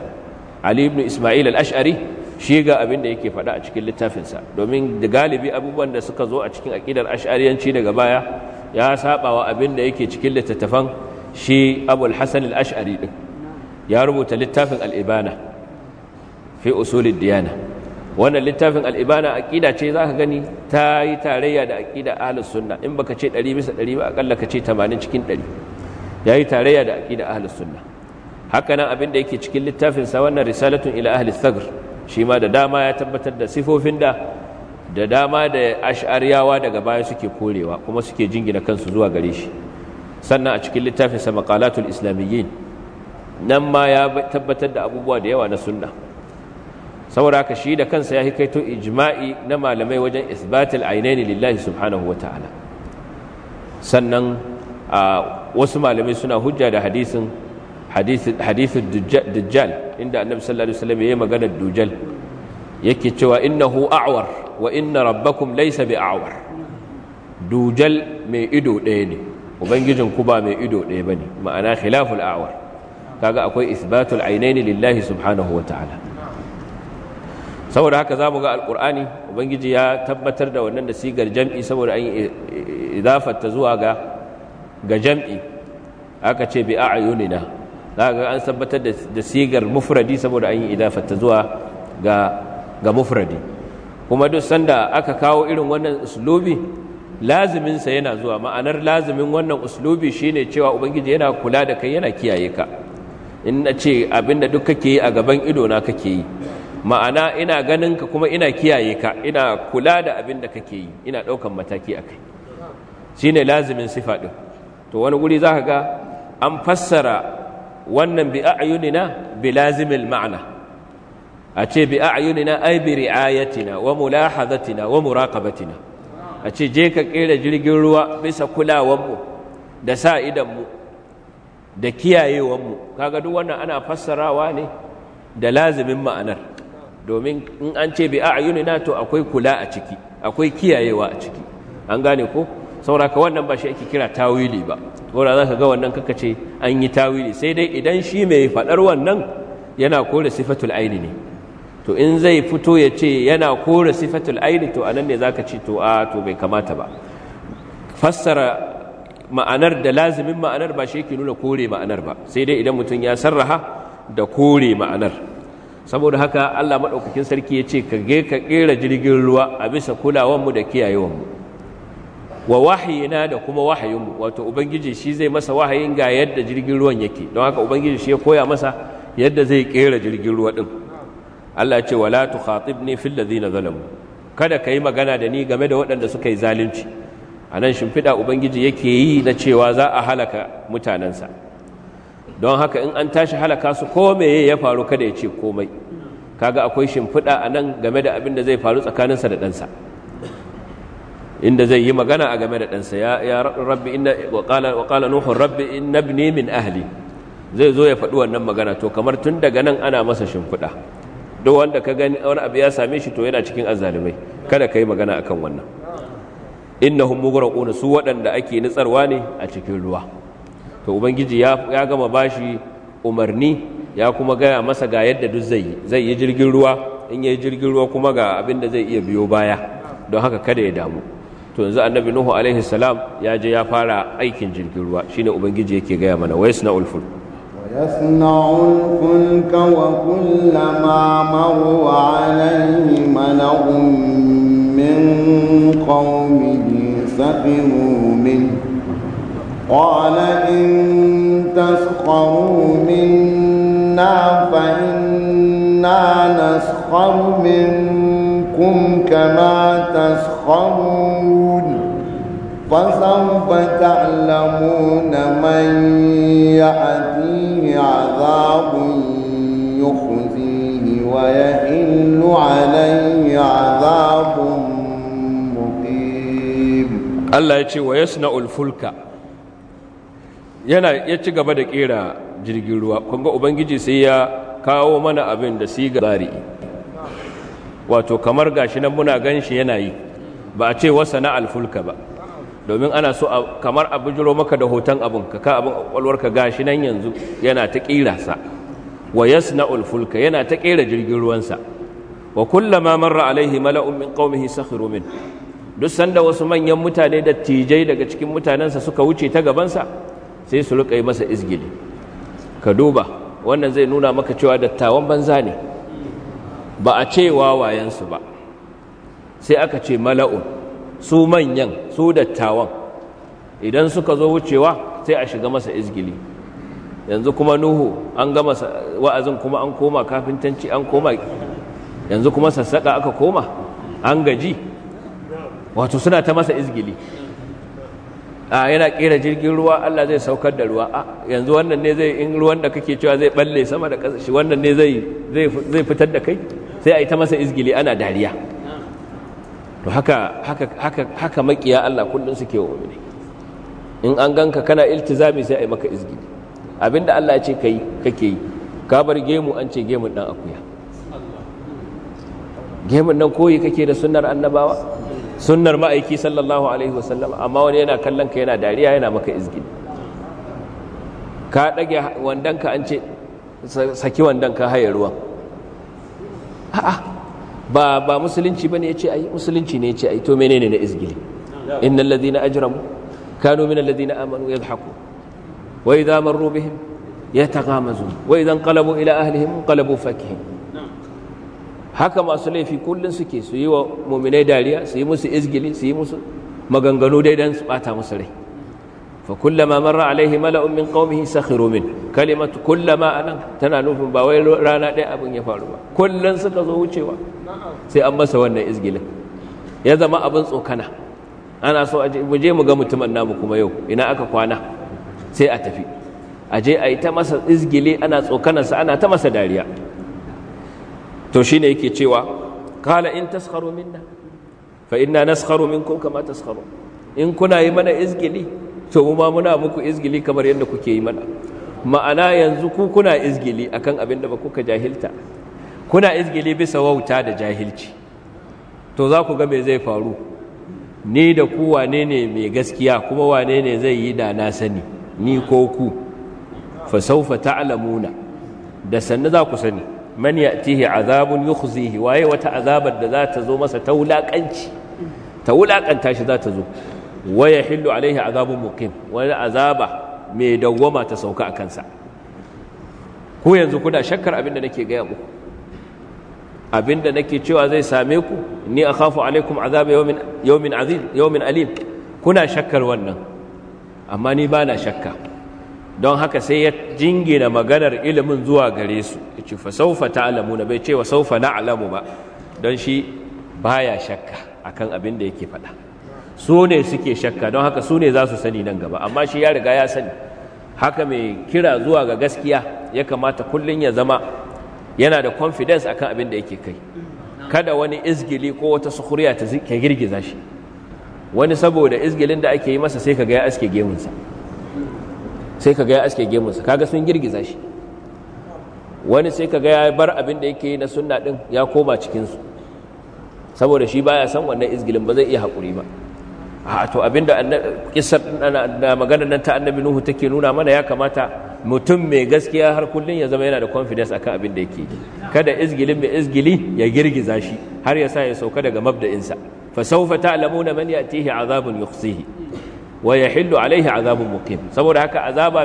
ali ibn isma'il al-ash'ari shi ga abin da yake faɗa a cikin littafinsa domin da galibi abubuwan da suka zo a cikin aƙidar ash'ariyanci daga baya ya saɓawa abin da yake cikin littattafan shi abul hasan al-ash'ari ɗin. ya rubuta littafin al'ibana fi usulid diyana wannan littafin al'ibana aƙida ce za ka gani ta yi tarayya da aƙida ahalus sunna in baka ce ɗari bisa ɗari ba aƙalla ka ce tamanin cikin ɗari. ya yi tarayya da aƙida ahalus sunna haka nan abin da yake cikin littafin sa wannan risalatun ila ahli thagr shi ma da dama ya tabbatar da sifofin da da dama da ash'ariyawa daga baya suke korewa kuma suke jingina kansu zuwa gare shi sannan a cikin littafin sa maqalatul islamiyyin nan ma ya tabbatar da abubuwa da yawa na sunna saboda haka shi da kansa ya kaito ijma'i na malamai wajen isbatil ainaini lillahi subhanahu wata'ala sannan wasu malamai suna hujja da hadisin hadisin dujjal inda annabi sallallahu alaihi wasallam yayi maganar dujjal yake cewa innahu a'war wa inna rabbakum laysa bi'awar dujjal mai ido ɗaya ne ubangijin ku ba mai ido ɗaya bane ma'ana khilaful a'war kaga akwai isbatul ainaini lillahi subhanahu ta'ala. saboda haka zamu ga alkur'ani ubangiji ya tabbatar da wannan da sigar jam'i saboda an yi ta zuwa ga ga jam'i aka ce bi a'yunina ga an tabbatar da sigar mufradi saboda an yi ta zuwa ga ga mufradi kuma duk sanda aka kawo irin wannan uslubi lazimin sa yana zuwa ma'anar lazimin wannan uslubi shine cewa ubangiji yana kula da kai yana kiyaye ka in na ce abinda duk kake yi a gaban ido na kake yi ma'ana ina ganin ka kuma ina kiyaye ka ina kula da abin da kake yi ina ɗaukan mataki a kai shi ne lazimin sifa ɗin to wani guri za ka ga an fassara wannan bi a'yunina bi lazimin ma'ana a ce bi a'yunina ai bi ri'ayatina wa tina wa muraqabatina a ce je ka kera jirgin ruwa bisa kulawanmu da sa idanmu da kiyayewar kiyayewanmu kaga duk wannan ana fassarawa ne da lazimin ma'anar domin in an ce bi a'yunina to akwai kula a ciki akwai kiyayewa a ciki an gane ko ka wannan ba shi ake kira tawili ba gora za ka ga wannan kaka ce an yi tawili sai dai idan shi mai faɗar wannan yana kore sifatul aini ne to in zai fito ya ce yana kore sifatul aini to anan ne za ka ce to a to bai kamata ba fassara ma'anar da lazimin ma'anar ba shi yake nuna kore ma'anar ba sai dai idan mutum ya sarraha da kore ma'anar saboda haka Allah maɗaukakin sarki ya ce ka ge ka ƙera jirgin ruwa a bisa kulawanmu da kiyayewanmu wa wahayina da kuma wahayinmu wato ubangiji shi zai masa wahayin ga yadda jirgin ruwan yake don haka ubangiji shi ya koya masa yadda zai ƙera jirgin ruwa ɗin Allah ce wala khatibni fil ladina zalamu kada ka yi magana da ni game da waɗanda suka yi zalunci a nan shimfiɗa ubangiji yake yi na cewa za a halaka mutanensa don haka in an tashi halaka su ko kome ya faru kada ya ce komai kaga akwai shimfiɗa a nan game da abin da zai faru tsakaninsa da ɗansa inda zai yi magana a game da ɗansa ya rabbi inna wa qala nuhu rabbi inna ibni min ahli zai zo ya faɗi wannan magana to kamar tun daga nan ana masa shimfiɗa duk wanda ka gani wani abu ya same shi to yana cikin azzalumai kada ka yi magana akan wannan innahum mughraquna su waɗanda ake nutsarwa ne a cikin ruwa to ubangiji ya ya gama bashi umarni ya kuma gaya masa ga yadda duk zai zai yi jirgin ruwa in yi jirgin ruwa kuma ga abin da zai iya biyo baya don haka kada ya damu to yanzu annabi nuhu alaihi salam ya je ya fara aikin jirgin ruwa shine ubangiji yake gaya mana wa yasna ulful wa yasna'ul wa kullama alaihi min qaumihi سخروا منه قال إن تسخروا منا فإنا نسخر منكم كما تسخرون فسوف تعلمون من يأتيه عذاب يخزيه ويحل عليه عذاب Allah ya ce wa ulfulka yana ya ci gaba da kera jirgin ruwa kunga ubangiji sai ya kawo mana abin da siga tsari. wato kamar gashi nan muna shi yana yi ba a ce na alfulka ba domin ana so kamar abu jiro maka da hoton abin ka ka abin kwalwarka gashi nan yanzu yana ta kira sa wa yasna'ul fulka yana ta kera jirgin ruwansa wa kullama marra alaihi mala'un min qaumihi sakhiru min duk sanda wasu manyan mutane da tijai daga cikin mutanensa suka wuce ta gabansa sai su rika yi masa izgili ka duba wannan zai nuna maka cewa dattawan banza ne ba a ce wawayensu ba sai aka ce mala'un su manyan su dattawan idan suka zo wucewa sai a shiga masa izgili yanzu kuma nuhu an gama wa'azin kuma an koma kafintanci an koma yanzu kuma sassaƙa aka koma an gaji wato suna ta masa izgili a yana kera jirgin ruwa Allah zai saukar da ruwa a yanzu wannan ne zai in ruwan da kake cewa zai balle sama da ƙasa shi wannan ne zai zai fitar da kai sai a yi ta masa izgili ana dariya to haka haka haka haka makiya Allah kullun suke wa mu'mini in an ganka kana iltizami sai a yi maka izgili abinda Allah ya ce kai kake yi ka bar gemu an ce gemun dan akuya gemun nan koyi kake da sunnar annabawa sunnar ma'aiki sallallahu alaihi wasallam amma wani yana kallon ka yana dariya yana maka izgin ka ɗage wandonka an ce saki wandonka haye ruwan a'a ba ba musulunci bane yace ai musulunci ne ya yace ai to menene na izgili innal ladina ajramu kanu min alladhina amanu yadhaku wa idha marru bihim yataghamazun wa idha qalabu ila ahlihim inqalabu fakihin haka masu laifi kullum suke su yi wa muminai dariya su yi musu izgili su yi musu maganganu dai don su bata musu rai fa kullama marra alaihi mala'un min qaumihi sakhiru min kalimatu kullama anan tana nufin ba wai rana ɗaya abin ya faru ba kullum suka zo wucewa sai an masa wannan izgilin ya zama abin tsokana ana so mu je mu ga mutumin namu kuma yau ina aka kwana sai a tafi a je a yi ta masa izgile ana tsokanansa ana ta masa dariya to shine yake cewa kala in taskharu minna fa inna naskharu minkum kama taskharu in kuna yi mana izgili to mu ma muna muku izgili kamar yadda kuke yi mana ma'ana yanzu ku kuna izgili akan abin da ba kuka jahilta kuna izgili bisa wauta da jahilci to za ku ga me zai faru ni da ku wane ne mai gaskiya kuma wane ne zai yi da na sani ni ko ku fa sawfa ta'lamuna da sanna za ku sani man ya'tihi azabun yukhzihi waye wata azabar da za ta zo masa ta wulakanci ta wulakanta shi za ta zo wa yahillu alaihi azabun muqim wani azaba mai dawwama ta sauka a kansa ku yanzu kuna shakkar abin da nake gaya muku abin da nake cewa zai same ku ni akhafu alaikum azab yawmin yawmin azim yawmin alim kuna shakkar wannan amma ni bana shakka don haka sai ya jingina maganar ilimin zuwa gare su ya ce fa saufa ta'lamu na bai cewa wa saufa na'lamu ba don shi baya shakka akan abin da yake faɗa su ne suke shakka don haka su ne za su sani nan gaba amma shi ya riga ya sani haka mai kira zuwa ga gaskiya ya kamata kullum ya zama yana da confidence akan abin da yake kai kada wani izgili ko wata sukuriya ta girgiza shi wani saboda izgilin da ake yi masa sai ka ga ya aske gemunsa sai ka ga ya aske gemunsa kaga sun girgiza shi wani sai ka ga ya bar abin da yake na sunna din ya koma cikinsu saboda shi baya san wannan izgilin ba zai iya haƙuri ba a to abinda na da maganar nan ta annabi nuhu take nuna mana ya kamata mutum mai gaskiya har kullum ya zama yana da confidence akan abin da yake kada izgilin mai izgili ya girgiza shi har ya sa ya sauka daga mabda'insa fa sawfa ta'lamuna man ya'tihi azabun yukhzihi wa hillu alaihi azabun muqim saboda haka azaba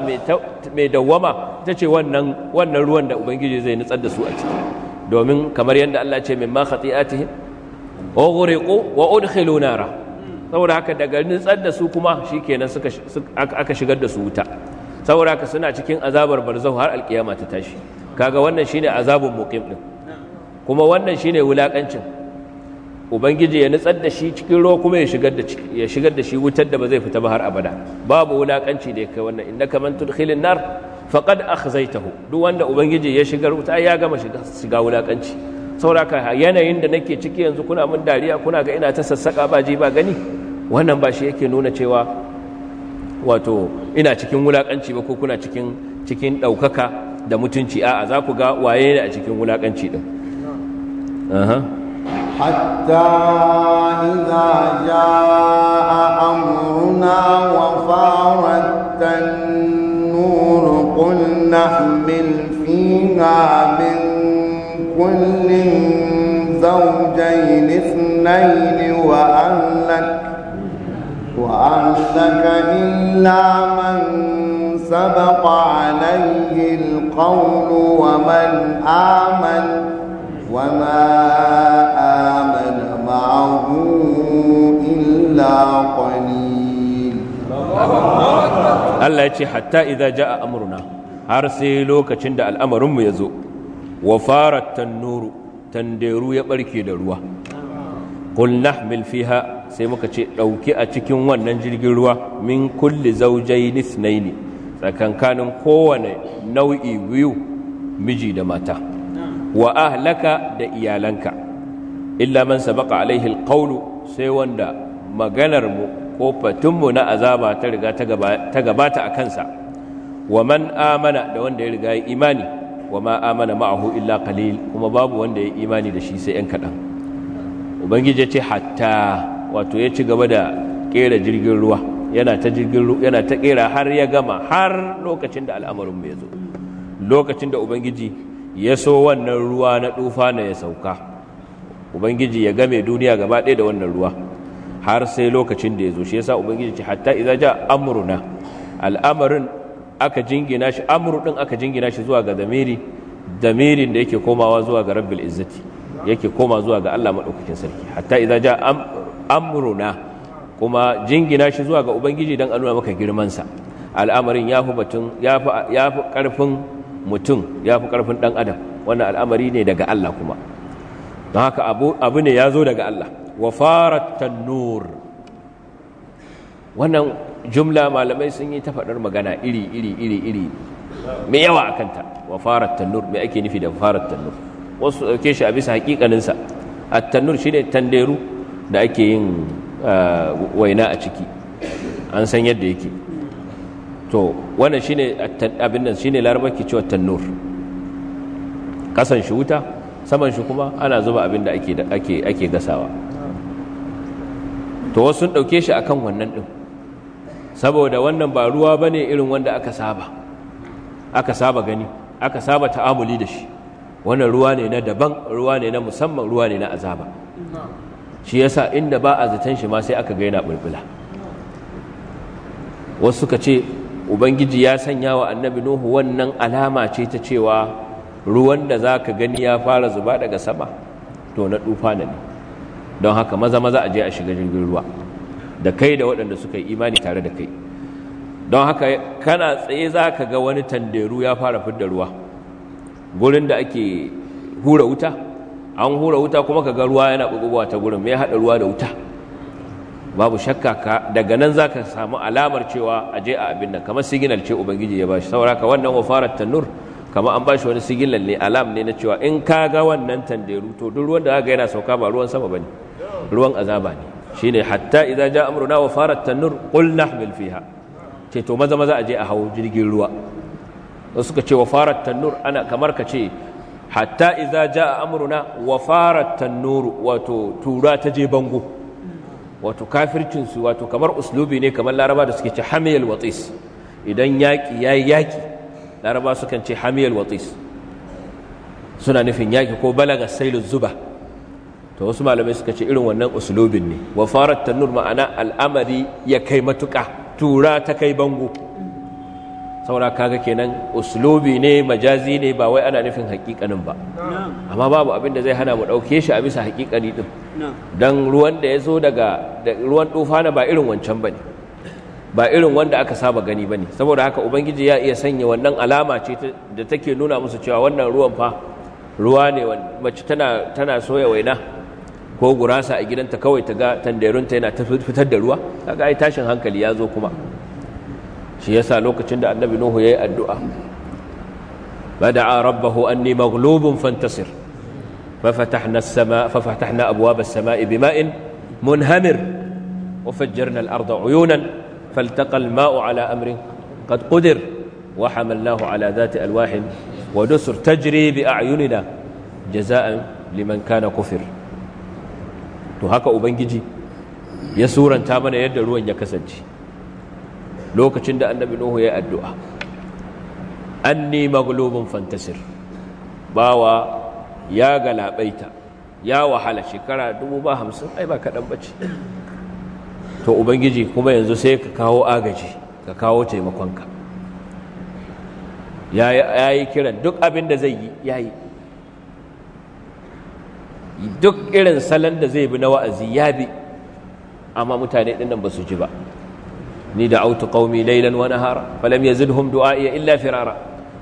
mai dawwama ita ce wannan wannan ruwan da ubangiji zai nutsar da su a ciki domin kamar yadda Allah ce ma khati'atihim wa ghuriqu wa udkhilu nara saboda haka daga nutsar da su kuma shikenan suka aka shigar da su wuta saboda haka suna cikin azabar barzahu har alkiyama ta tashi kaga wannan shine azabun muqim din kuma wannan shine wulakancin ubangiji ya nutsar da shi cikin ruwa kuma ya shigar da shi wutar da ba zai fita ba har abada babu wulakanci da ya kai wannan inda kamar tudkhilin nar faqad akhzaytahu duk wanda ubangiji ya shigar wuta ya gama shiga wulakanci sauraka yanayin da nake ciki yanzu kuna mun dariya kuna ga ina ta sassaka ba ji ba gani wannan ba shi yake nuna cewa wato ina cikin wulakanci ba ko kuna cikin cikin ɗaukaka da mutunci a'a za ku ga waye ne a cikin Uh din حتى إذا جاء أمرنا وفارت النور قل نحمل فيها من كل زوجين اثنين وأهلك وأهلك إلا من سبق عليه القول ومن آمن وما آمن Allah ya ce hatta idza a amurna. har sai lokacin da al'amarinmu ya zo. wa fara tannuru tanderu ya barke da ruwa qul nahmil fiha sai muka ce ɗauki a cikin wannan jirgin ruwa min kulle kulli nisnai ne tsakankanin kowane nau'i biyu miji da mata wa ahlaka da iyalanka illa man sabaƙa alaihi alqawlu sai wanda maganarmu ko fatunmu na azaba ta riga ta gabata a kansa wa man amana da wanda ya riga ya imani wa ma amana ma'ahu illa qalil kuma babu wanda ya imani da shi sai yan kaɗan ubangiji ya ce hatta wato ya ci gaba da kera jirgin ruwa yana ta jirgin ruwa yana ta kera har ya gama har lokacin da al'amarin mu ya zo lokacin da ubangiji ya so wannan ruwa na tufa na ya sauka ubangiji ya game duniya gaba ɗaya da wannan ruwa har sai lokacin da ya zo shi yasa ubangiji ce hatta idza ja amruna al'amarin aka jingina shi amru din aka jingina shi zuwa ga damiri damirin da yake komawa zuwa ga rabbil izzati yake koma zuwa ga Allah madaukakin sarki hatta idza ja amruna kuma jingina shi zuwa ga ubangiji dan nuna maka girman sa al'amarin yafi batun yafi yafi karfin mutum yafi karfin dan adam wannan al'amari ne daga Allah kuma don haka abu ne ya zo daga Allah wa farat tannur wannan jumla malamai sun yi ta faɗar magana iri iri iri iri mai yawa a kanta wa farat tannur mai ake nufi da farat tannur wasu ɗauke shi a bisa haƙiƙaninsa a tannur shi ne tanderu da ake yin ah, waina a ciki an san yadda yake to wannan shine ne abin nan shi ne cewa tannur Kasan shi wuta saman shi kuma ana zuba abin da ake gasawa to wasu sun ɗauke shi akan wannan ɗin saboda wannan ba ruwa ba ne irin wanda aka saba aka saba gani aka saba ta'amuli da shi wannan ruwa ne na daban ruwa ne na musamman ruwa ne na azaba shi yasa inda ba a zaton shi ma sai aka ga yana bulbula wasu suka ce ubangiji ya sanya wa annabi nuhu wannan alama ce ta cewa ruwan da za ka gani ya fara zuba daga sama to na tufa ne don haka maza maza a je a shiga jirgin ruwa da kai da waɗanda suka yi imani tare da kai don haka kana tsaye za ka ga wani tanderu ya fara fidda ruwa gurin da ake hura wuta an hura wuta kuma ka ga ruwa yana bugubuwa ta gurin mai haɗa ruwa da wuta babu shakka ka daga nan za ka samu alamar cewa a je a abin nan kamar siginal ce ubangiji ya bashi saura ka wannan wa fara tanur kamar an bashi wani siginal ne alam ne na cewa in ka ga wannan tanderu to duk ruwan da aka yana sauka ba ruwan sama ba ne ruwan azaba ne shine hatta idza jaa amruna wa farat tanur qul fiha ce to maza maza aje a hau jirgin ruwa wasu suka ce wa farat tanur ana kamar ka ce hatta idza amruna wa farat tanur wato tura ta je bango wato kafircin su wato kamar uslubi ne kamar laraba da suke ce hamiyal watis idan yaki yayi yaki laraba sukan ce hamiyal watis suna nufin yaki ko balaga sailu zuba to wasu malamai suka ce irin wannan usulobin ne wa farar tannur ma'ana al'amari ya kai matuka. tura ta kai bango saura kaga kenan usulobi ne majazi ne ba wai ana nufin haƙiƙanin ba amma babu abin da zai hana mu ɗauke shi a bisa haƙiƙani ɗin don ruwan da ya zo daga ruwan na ba irin wancan ba ne ba irin wanda aka saba gani ba ne saboda haka ubangiji ya iya sanya wannan alama ce da take nuna musu cewa wannan ruwan fa ruwa ne mace tana soya waina ko gurasa a gidanta kawai ta ga tanderunta yana ta fitar da ruwa kaga ai tashin hankali ya zo kuma shi yasa lokacin da annabi nuhu yayi addu'a bada'a rabbahu anni maghlubun fantasir ففتحنا السماء ففتحنا أبواب السماء بماء منهمر وفجرنا الأرض عيونا فالتقى الماء على أمر قد قدر وحملناه على ذات ألواح ودسر تجري بأعيننا جزاء لمن كان كفر to haka ubangiji ya suranta mana yadda ruwan ya kasance lokacin da annabi nuhu ya addu'a anni maglubun fantasir bawa ya galabaita ya wahala shekara dubu ai ba kaɗan bace to ubangiji kuma yanzu sai ka kawo agaji ka kawo taimakonka ya yi kiran duk abin da zai yi ya yi duk irin salon da zai bi na wa'azi ya bi amma mutane ɗin nan ba su ji ba ni da autu qaumi laylan wa nahara falam yazidhum du'a'i illa firara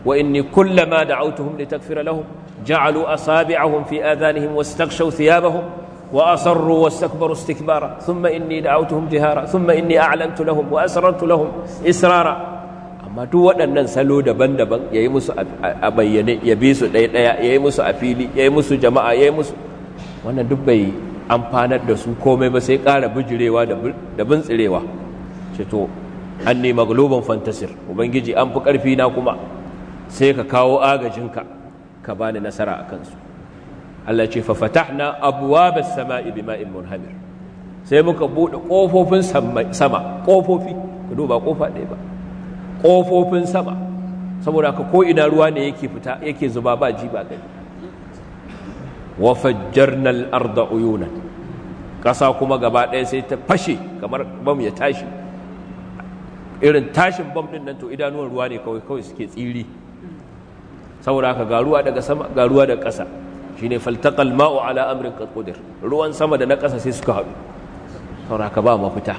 wa inni kullama da'awtuhum litaghfira lahum ja'alu asabi'ahum fi adhanihim wastaghshaw thiyabahum وأصروا واستكبروا استكبارا ثم إني دعوتهم جهارا ثم إني أعلنت a وأسررت ya إسرارا أما دو ودنن سلو دبن دبن يمسو أبيني يبيسو يمسو أفيلي يمسو جماعة musu. wannan duk bai amfanar da su komai ba sai ƙara bujirewa da bintsirewa ce to an ne magloban fantasir ubangiji an fi ƙarfi na kuma sai ka kawo agajinka ka bani nasara a kansu Allah ce fa fatahna sama sama'i bima'in munhamir sai muka buɗe kofofin sama kofofi ka duba kofa ɗaya ba kofofin sama saboda ka ko ina ruwa ne yake yake zuba ba ji ba gani wa fajjarna al-arda uyunan ƙasa kuma gaba ɗaya sai ta fashe kamar bam ya tashi irin tashin bam ɗin nan to idanuwan ruwa ne kawai kawai suke tsiri saboda haka garuwa daga sama garuwa daga ƙasa shine faltaqal ma'u ala amrin qad qadir ruwan sama da na ƙasa sai suka haɗu saboda haka ba mafita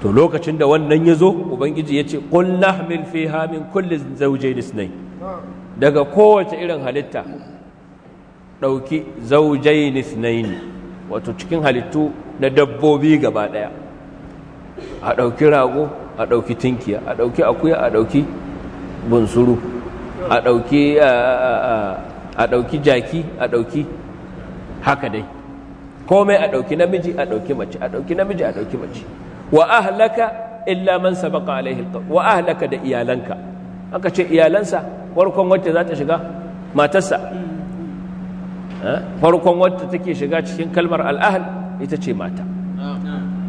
to lokacin da wannan ya zo ubangiji ya ce ƙulla min fi hamin kullum zaujai disney daga kowace irin halitta ɗauki zaujaini thnaini wato cikin halittu na dabbobi gaba ɗaya a ɗauki rago a ɗauki tinkiya a ɗauki akuya a ɗauki bunsuru a ɗauki a ɗauki jaki a ɗauki haka dai komai a ɗauki namiji a ɗauki mace a ɗauki namiji a ɗauki mace wa ahlaka illa man sabaqa alaihi wa ahlaka da iyalanka aka ce iyalansa warkon wacce za ta shiga matarsa Eh? farkon wadda take shiga cikin kalmar al'ahal ita ce mata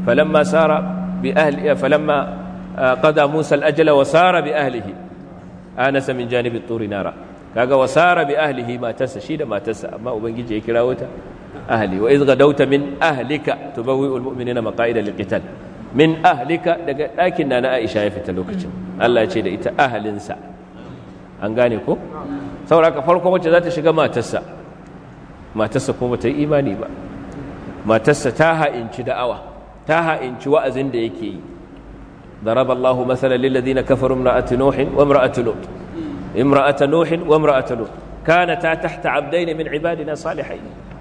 falamma sara bi ahli eh, falamma eh, qada musa al-ajala wa sara bi ahlihi anasa min janibi turi nara kaga wa sara bi ahlihi matarsa shi da matarsa amma ubangiji ya kirawo ta ahli wa iz gadawta min ahlika tubawwi'ul mu'minina maqa'ida liqital min ahlika daga ɗakin da na Aisha ya fita lokacin Allah ya ce da ita ahalinsa an gane ko saboda farko wacce za ta shiga matarsa matarsa kuma ta yi imani ba matarsa ta ha'inci da'awa ta ha'inci wa'azin da yake yi ضرب الله مثلا للذين كفروا امرأة نوح وامرأة لوط امرأة نوح وامرأة لوط كانتا تحت عبدين من عبادنا صالحين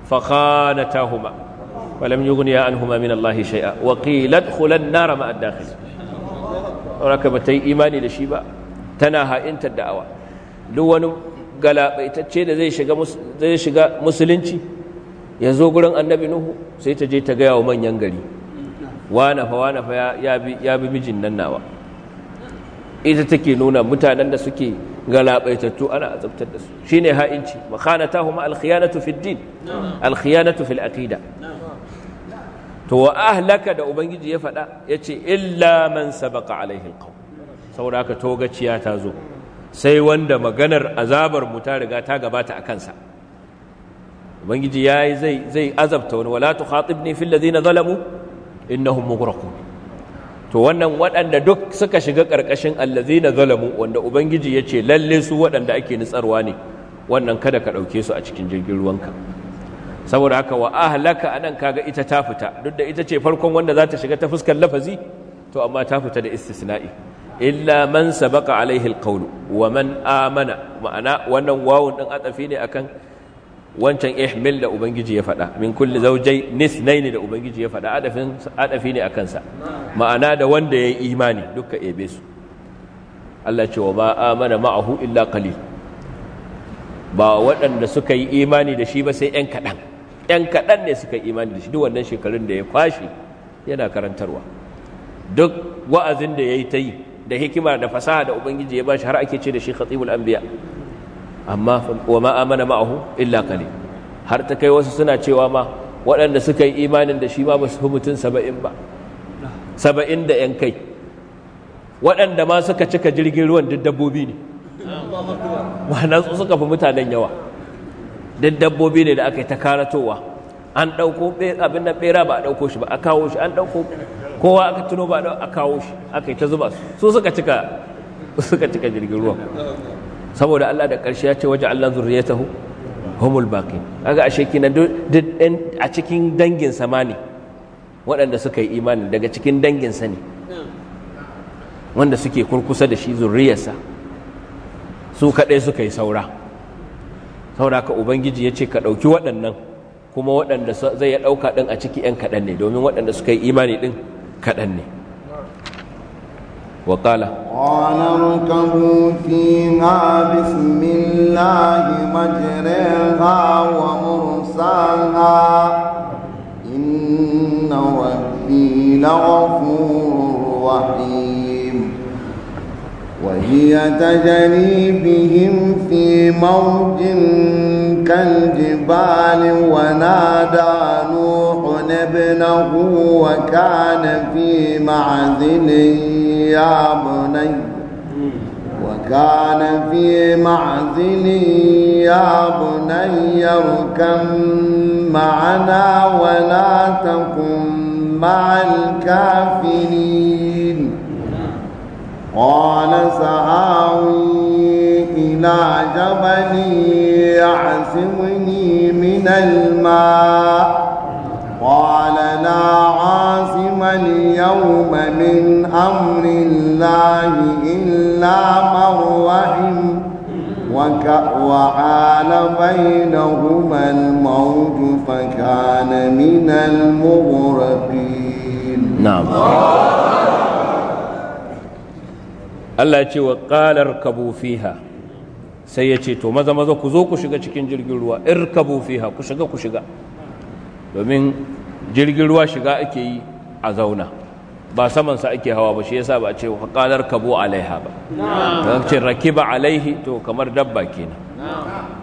فخانتاهما ولم يغنيا عنهما من الله شيئا وقيل ادخلا النار مع الداخل وركبتي إيماني لشيبا تناها انت الدعوة دون galabaitacce da zai shiga musulunci ya zo gurin annabi nuhu sai ta je ta gaya wa manyan gari wana fa ya bi mijin nan nawa ita take nuna mutanen da suke galabaitattu ana azabtar da su shine ha'inci makhanatahum alkhiyanatu fid din alkhiyanatu fil aqida to wa ahlaka da ubangiji ya faɗa yace illa man sabaqa alaihi alqaw saboda haka togaciya ta zo sai wanda maganar azabar mu ta riga ta gabata a kansa ubangiji yayi zai zai azabta wani wala tukhatibni fil ladina zalamu innahum mughraqun to wannan waɗanda duk suka shiga ƙarƙashin allazina zalamu wanda ubangiji ya ce lalle su waɗanda ake nitsarwa ne wannan kada ka ɗauke su a cikin jirgin ruwanka saboda haka wa ahlaka anan kaga ita ta fita duk da ita ce farkon wanda za ta shiga ta fuskar lafazi to amma ta fita da istisna'i illa man sabaqa alaihi alqawl wa man amana ma'ana wannan wawun din atafi ne akan wancan ihmil da ubangiji ya faɗa min kulli zaujai nisnaini da ubangiji ya faɗa adafin adafi ne akan sa ma'ana da wanda yayi imani duka ebe su Allah ce wa ma amana ma'ahu illa qalil ba waɗanda suka yi imani da shi ba sai ƴan kaɗan ƴan kaɗan ne suka yi imani da shi duk wannan shekarun da ya kwashe yana karantarwa duk wa'azin da ya yi ta yi da hikima da fasaha da ubangiji ya bashi har ake ce da shi khatibul anbiya amma wa ma amana ma'ahu illa qalil har ta kai wasu suna cewa ma waɗanda suka yi imanin da shi ma ba su fi mutum saba'in ba saba'in da yan kai waɗanda ma suka cika jirgin ruwan duk dabbobi ne wannan su suka fi mutanen yawa duk dabbobi ne da aka yi ta karatowa an ɗauko abin nan ɓera ba a ɗauko shi ba a kawo shi an ɗauko kowa aka tuno ba a kawo shi aka yi ta zuba su su suka cika suka cika jirgin ruwa saboda Allah da ƙarshe ya ce waje Allah hu humul baqi kaga ashe kina na a cikin dangin sama ne waɗanda suka yi imani daga cikin dangin sa ne wanda suke kurkusa da shi zurriyarsa su kaɗai suka yi saura saura ka ubangiji ya ce ka ɗauki waɗannan kuma waɗanda zai ya ɗauka ɗin a ciki 'yan kaɗan ne domin waɗanda suka yi imani ɗin kaɗan وقال قال اركبوا فيها بسم الله مجرها ومرساها إن ربي لغفور رحيم وهي تجري بهم في موج كالجبال ونادى نوح ابنه وكان في معزل يا بني وكان في معزل يا بني اركم معنا ولا تكن مع الكافرين قال سآوي عجبني يعصمني من الماء قال لا عاصم اليوم من أمر الله إلا من رحم وحال بينهما الموت فكان من المغرقين نعم الله يقول وقال اركبوا فيها sai ya ce to maza maza ku zo ku shiga cikin jirgin ruwa irkabu fiha ku shiga ku shiga domin jirgin ruwa shiga ake yi a zauna ba saman sa ake hawa ba shi yasa ba a ce qalar kabu alaiha ba dan ce rakiba alaihi to kamar dabba kenan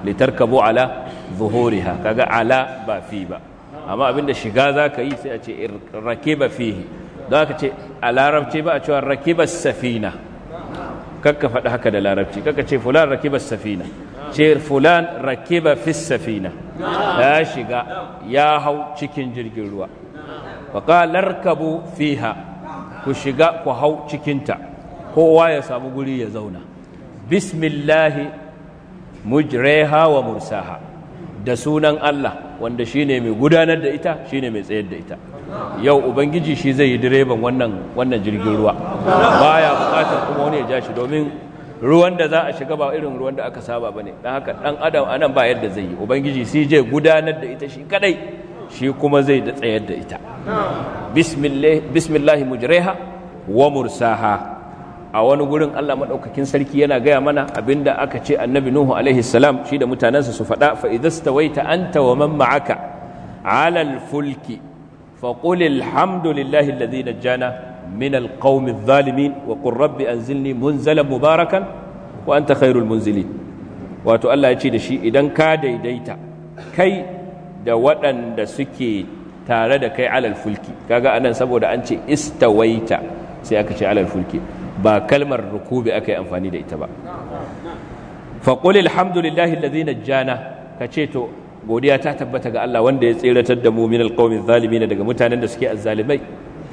litarkabu ala zuhuriha kaga ala ba fi ba amma abinda shiga zaka yi sai a ce rakiba fihi don aka ce a larabci ba a cewa rakiba safina kakka faɗi haka da larabci kakka ce fulan rakiba safina ce fulan rakiba fi safina ya shiga ya hau cikin jirgin ruwa faƙa larkabu fiha ku shiga ku hau cikinta kowa ya samu guri ya zauna bismillahi mujreha wa mursaha da sunan Allah wanda shine mai gudanar da ita shine mai tsayar da ita yau ubangiji shi zai yi direban wannan wannan jirgin ruwa baya bukatar kuma wani ya ja shi domin ruwan da za a shiga ba irin ruwan da aka saba ba ne. dan haka dan adam a nan ba yadda zai yi ubangiji shi zai gudanar da ita shi kadai shi kuma zai da tsayar da ita bismillahi mujreha wa mursaha a wani gurin Allah maɗaukakin sarki yana gaya mana abinda aka ce annabi Nuhu alaihi salam shi da mutanensa su faɗa fa wai stawaita anta wa man ma'aka alal fulki فقل الحمد لله الذي نجانا من القوم الظالمين وقل رب أنزلني منزلا مباركا وأنت خير المنزلين wato Allah ya ce da shi idan ka daidaita kai da waɗanda suke tare da kai alal fulki kaga anan saboda an ce istawaita sai aka ce alal fulki ba kalmar rukubi aka yi amfani da ita ba faƙul alhamdulillahi alladhi jana ka ce to godiya ta tabbata ga Allah wanda ya tseratar da mu min alqawmi zalimin daga mutanen da suke azzalimai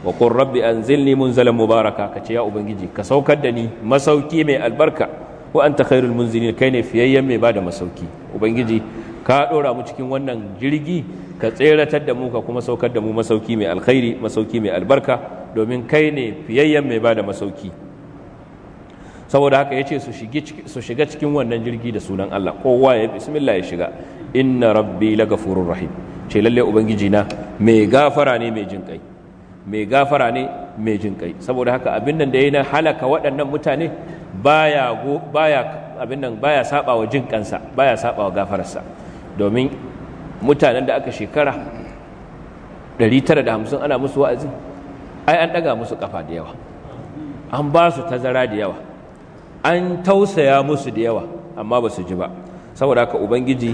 wa qur rabbi anzilni munzalan mubaraka kace ya ubangiji ka saukar da ni masauki mai albarka wa anta khairul munzilin kai ne fiyayyen mai bada masauki ubangiji ka dora mu cikin wannan jirgi ka tseratar da mu ka kuma saukar da mu masauki mai alkhairi masauki mai albarka domin kai ne fiyayyen mai bada masauki saboda haka ya ce su shiga cikin wannan jirgi da sunan Allah kowa ya bismillah ya shiga inna rabbi lagafurur rahim ce lalle ubangiji na mai gafara ne mai jin kai mai gafara ne mai jin kai saboda haka abin nan da yayi na halaka waɗannan mutane baya baya abin nan baya saba wa jin kansa baya saba wa gafararsa domin mutanen da aka shekara 950 ana musu wa'azi ai an daga musu kafa da yawa an ba su tazara da yawa an tausaya musu da yawa amma ba su ji ba saboda haka ubangiji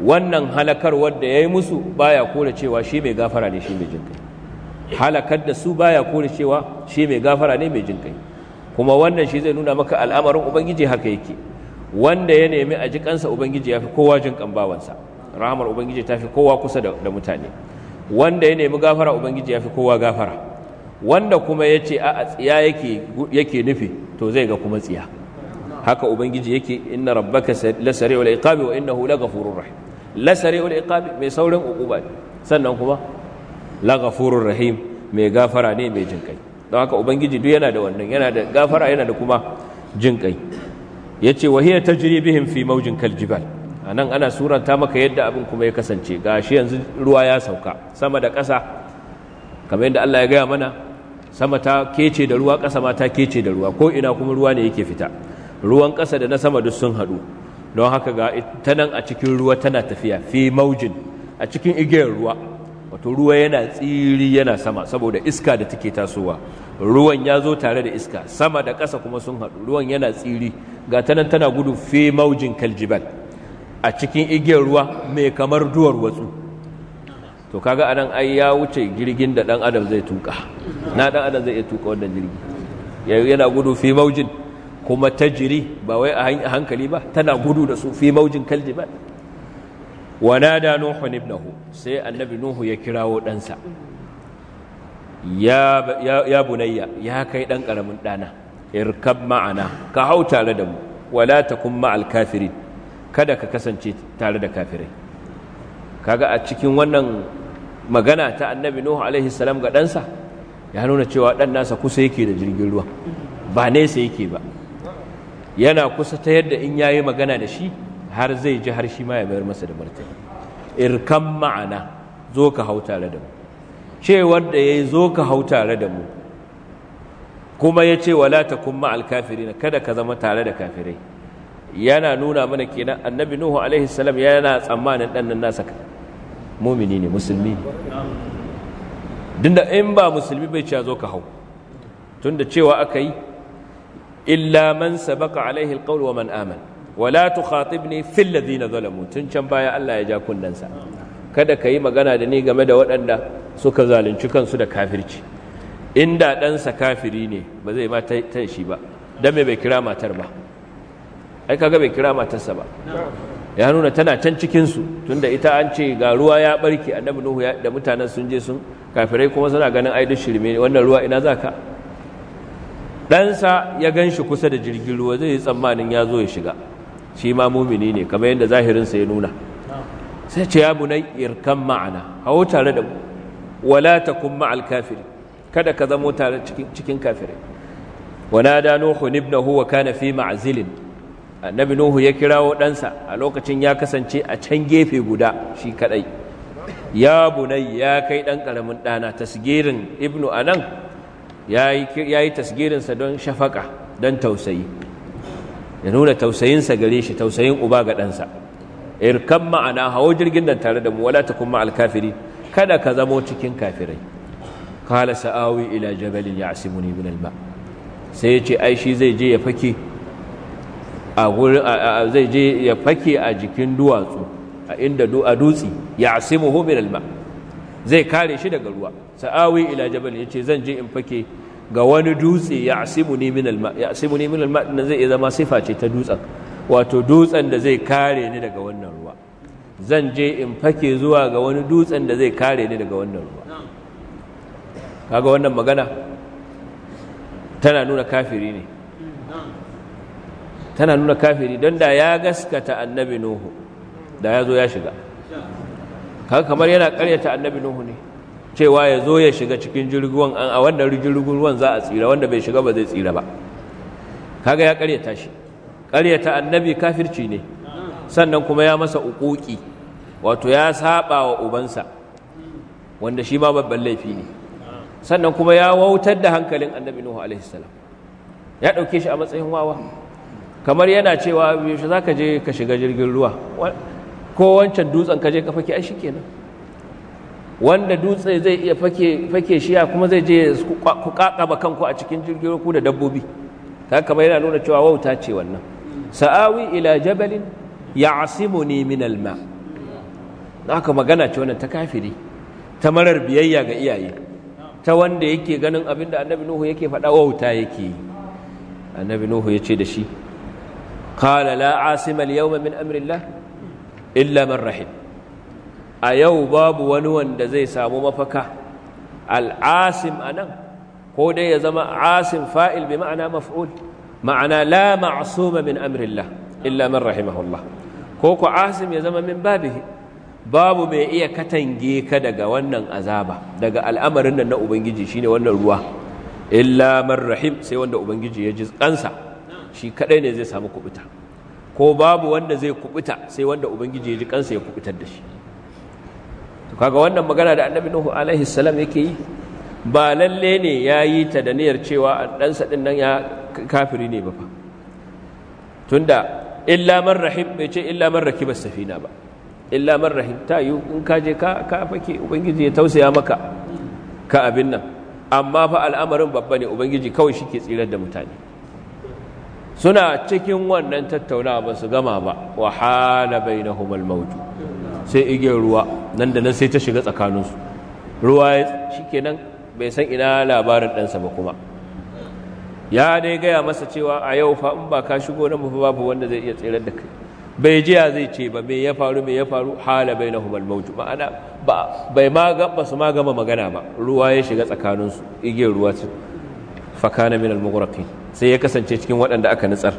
wannan halakar wadda ya yi musu baya kone cewa shi mai gafara ne shi mai jinkai halakar da su baya kone cewa shi mai gafara ne mai jinkai kuma wannan shi zai nuna maka al'amarin ubangiji haka yake wanda ya nemi a jikansa ubangiji ya fi kowa jinkan bawansa rahamar ubangiji ta fi kowa kusa da mutane wanda ya nemi gafara ubangiji ya fi kowa gafara wanda kuma ya ce a tsiya yake nufi to zai ga kuma tsiya haka ubangiji yake inna rabbaka lasari'ul iqabi wa innahu laghafurur rahim lasari'ul iqabi mai saurin uquba sannan kuma laghafurur rahim mai gafara ne mai jinkai don haka ubangiji duk yana da wannan yana da gafara yana da kuma jinkai yace wa hiya tajri bihim fi mawjin kaljibal anan ana suranta maka yadda abin kuma ya kasance gashi yanzu ruwa ya sauka sama da ƙasa kamar yadda Allah ya gaya mana sama ta kece da ruwa ƙasa ma ta kece da ruwa ko ina kuma ruwa ne yake fita ruwan ƙasa da na sama duk sun haɗu don haka ga ta nan a cikin ruwa tana tafiya fi maujin a cikin igiyar ruwa wato ruwa yana tsiri yana sama saboda iska da take tasowa ruwan ya zo tare da iska sama da ƙasa kuma sun haɗu ruwan yana tsiri ga ta nan tana gudu fi maujin kaljibal a cikin igiyar ruwa mai kamar duwar watsu to kaga anan ai ya wuce jirgin da dan adam zai tuka na dan adam zai tuka wannan jirgi yana gudu fi maujin kuma ta jiri ba wai a hankali ba tana gudu da su fi maujin kalji ba da nuhu ibnahu sai annabi nuhu ya kirawo ɗansa ya, bunayya ya kai ɗan ƙaramin ɗana irkab ma'ana ka hau tare da mu wala kun ma'al kafiri kada ka kasance tare da kafirai kaga a cikin wannan magana ta annabi nuhu alaihi salam ga ɗansa ya nuna cewa ɗan nasa kusa yake da jirgin ruwa ba nesa yake ba yana kusa ta yadda in yayi magana da shi har zai ji har shi ma ya bayar masa da martani irkan ma'ana zo ka hau tare da mu cewar da yayi zo ka hau tare da mu kuma ya ce wala ta takun ma'al na kada ka zama tare da kafirai yana nuna mana kenan annabi nuhu alaihi salam yana tsammanin dan nan nasa mumini ne musulmi ne dinda in ba musulmi bai ce zo ka hau tunda cewa aka yi illa man sabaqa alaihi alqawl wa man aman wala tukhatibni fil ladina zalamu tun can baya Allah ya ja kunnansa kada ka yi magana da ni game da waɗanda suka zalunci kansu da kafirci inda ɗansa kafiri ne ba zai ma ta shi ba don mai bai kira matar ba ai kaga bai kira matarsa ba ya nuna tana can cikinsu tunda ita an ce ga ruwa ya barke annabi nuhu da mutanen sun je sun kafirai kuma suna ganin ai duk shirme wannan ruwa ina za ka ɗansa ya gan shi kusa da jirgin ruwa zai yi tsammanin ya zo ya shiga shi ma mumini ne kamar yadda zahirinsa ya nuna sai ce ya bunai irkan ma'ana hau tare da wala ta ma'al kafiri kada ka zamo tare cikin kafirai wanada nuhu nibna huwa kana fi ma'azilin annabi nuhu ya kirawo ɗansa a lokacin ya kasance a can gefe guda shi kadai ya bunai ya kai ɗan ƙaramin ɗana tasgirin ibnu anan ya yi tasgirinsa don shafaka don tausayi ya nuna tausayinsa gare shi tausayin uba ga ɗansa irkan ma'ana hawo jirgin nan tare da mu wala ta kuma alkafiri kada ka zamo cikin kafirai kala sa'awi ila jabalin ya muni min alba sai ya ce ai shi zai je ya fake a gurin zai je ya fake a jikin duwatsu a inda a dutsi ya asimuhu min alba zai kare shi daga ruwa sa'awi ila jabal yace zan je in fake ga wani dutse ya asimu ni min alma ya asimu ni min alma din zai zama sifa ce ta dutsen wato dutsen da zai kare ni daga wannan ruwa zan je in fake zuwa ga wani dutsen da zai kare ni daga wannan ruwa kaga wannan magana tana nuna kafiri ne tana nuna kafiri don da ya gaskata annabi nuhu da ya zo ya shiga kaga kamar yana karyata annabi nuhu ne cewa ya zo ya shiga cikin jirgin an a wannan jirgin ruwan za a tsira wanda bai shiga ba zai tsira ba kaga ya karyata shi ta annabi kafirci ne sannan kuma ya masa uquqi wato ya saba wa ubansa wanda shi ma babban laifi ne sannan kuma ya wautar da hankalin annabi nuhu alaihi salam ya dauke shi a matsayin wawa kamar yana cewa yaushe zaka je ka shiga jirgin ruwa ko wancan dutsen ka je ka fake ai shikenan wanda dutse zai iya fake fake ya kuma zai je ku kakaba kanku a cikin jirgin ku da dabbobi ta kamar yana nuna cewa wauta ce wannan sa'awi ila jabalin ya'simuni min alma ka magana ce wannan ta kafiri ta marar biyayya ga iyaye ta wanda yake ganin abin da annabi nuhu yake faɗa wauta yake yi annabi nuhu ya ce da shi qala la asima al-yawma min amrillah illa man rahim a yau babu wani wanda zai samu mafaka al'asim anan ko dai ya zama asim fa'il bi ma'ana maf'ul ma'ana la ma'suma min amrillah illa man rahimahullah ko ku asim ya zama min babihi babu mai iya katange ka daga wannan azaba daga al'amarin nan na ubangiji shine wannan ruwa illa man rahim sai wanda ubangiji ya ji kansa shi kadai ne zai samu kubuta ko babu wanda zai kubuta sai wanda ubangiji ya ji kansa ya kubutar da shi to kaga wannan magana da annabi nuhu alaihi salam yake yi ba lalle ne ya yi ta da niyyar cewa sa din nan ya kafiri ne ba fa tunda illa man rahim bai ce illa man rakiba safina ba illa man rahim ta yi in ka je ka ka fake ubangiji ya tausaya maka ka abin nan amma fa al'amarin babba ne ubangiji kawai shi ke tsirar da mutane suna cikin wannan tattaunawa ba su gama ba wa hala bai na al-mawju sai igiyar ruwa nan da nan sai ta shiga tsakaninsu ruwa nan bai san ina labarin ɗansa ba kuma ya dai gaya masa cewa a yau fa in ba ka shigo na mafi babu wanda zai iya tsirar da kai bai jiya zai ce ba me ya faru me ya faru hala bai na humal mautu ma'ana ba bai ma ba su ma gama magana ba ruwa ya shiga tsakaninsu igiyar ruwa ce fakana min al-mughraqin sai ya kasance cikin waɗanda aka nutsar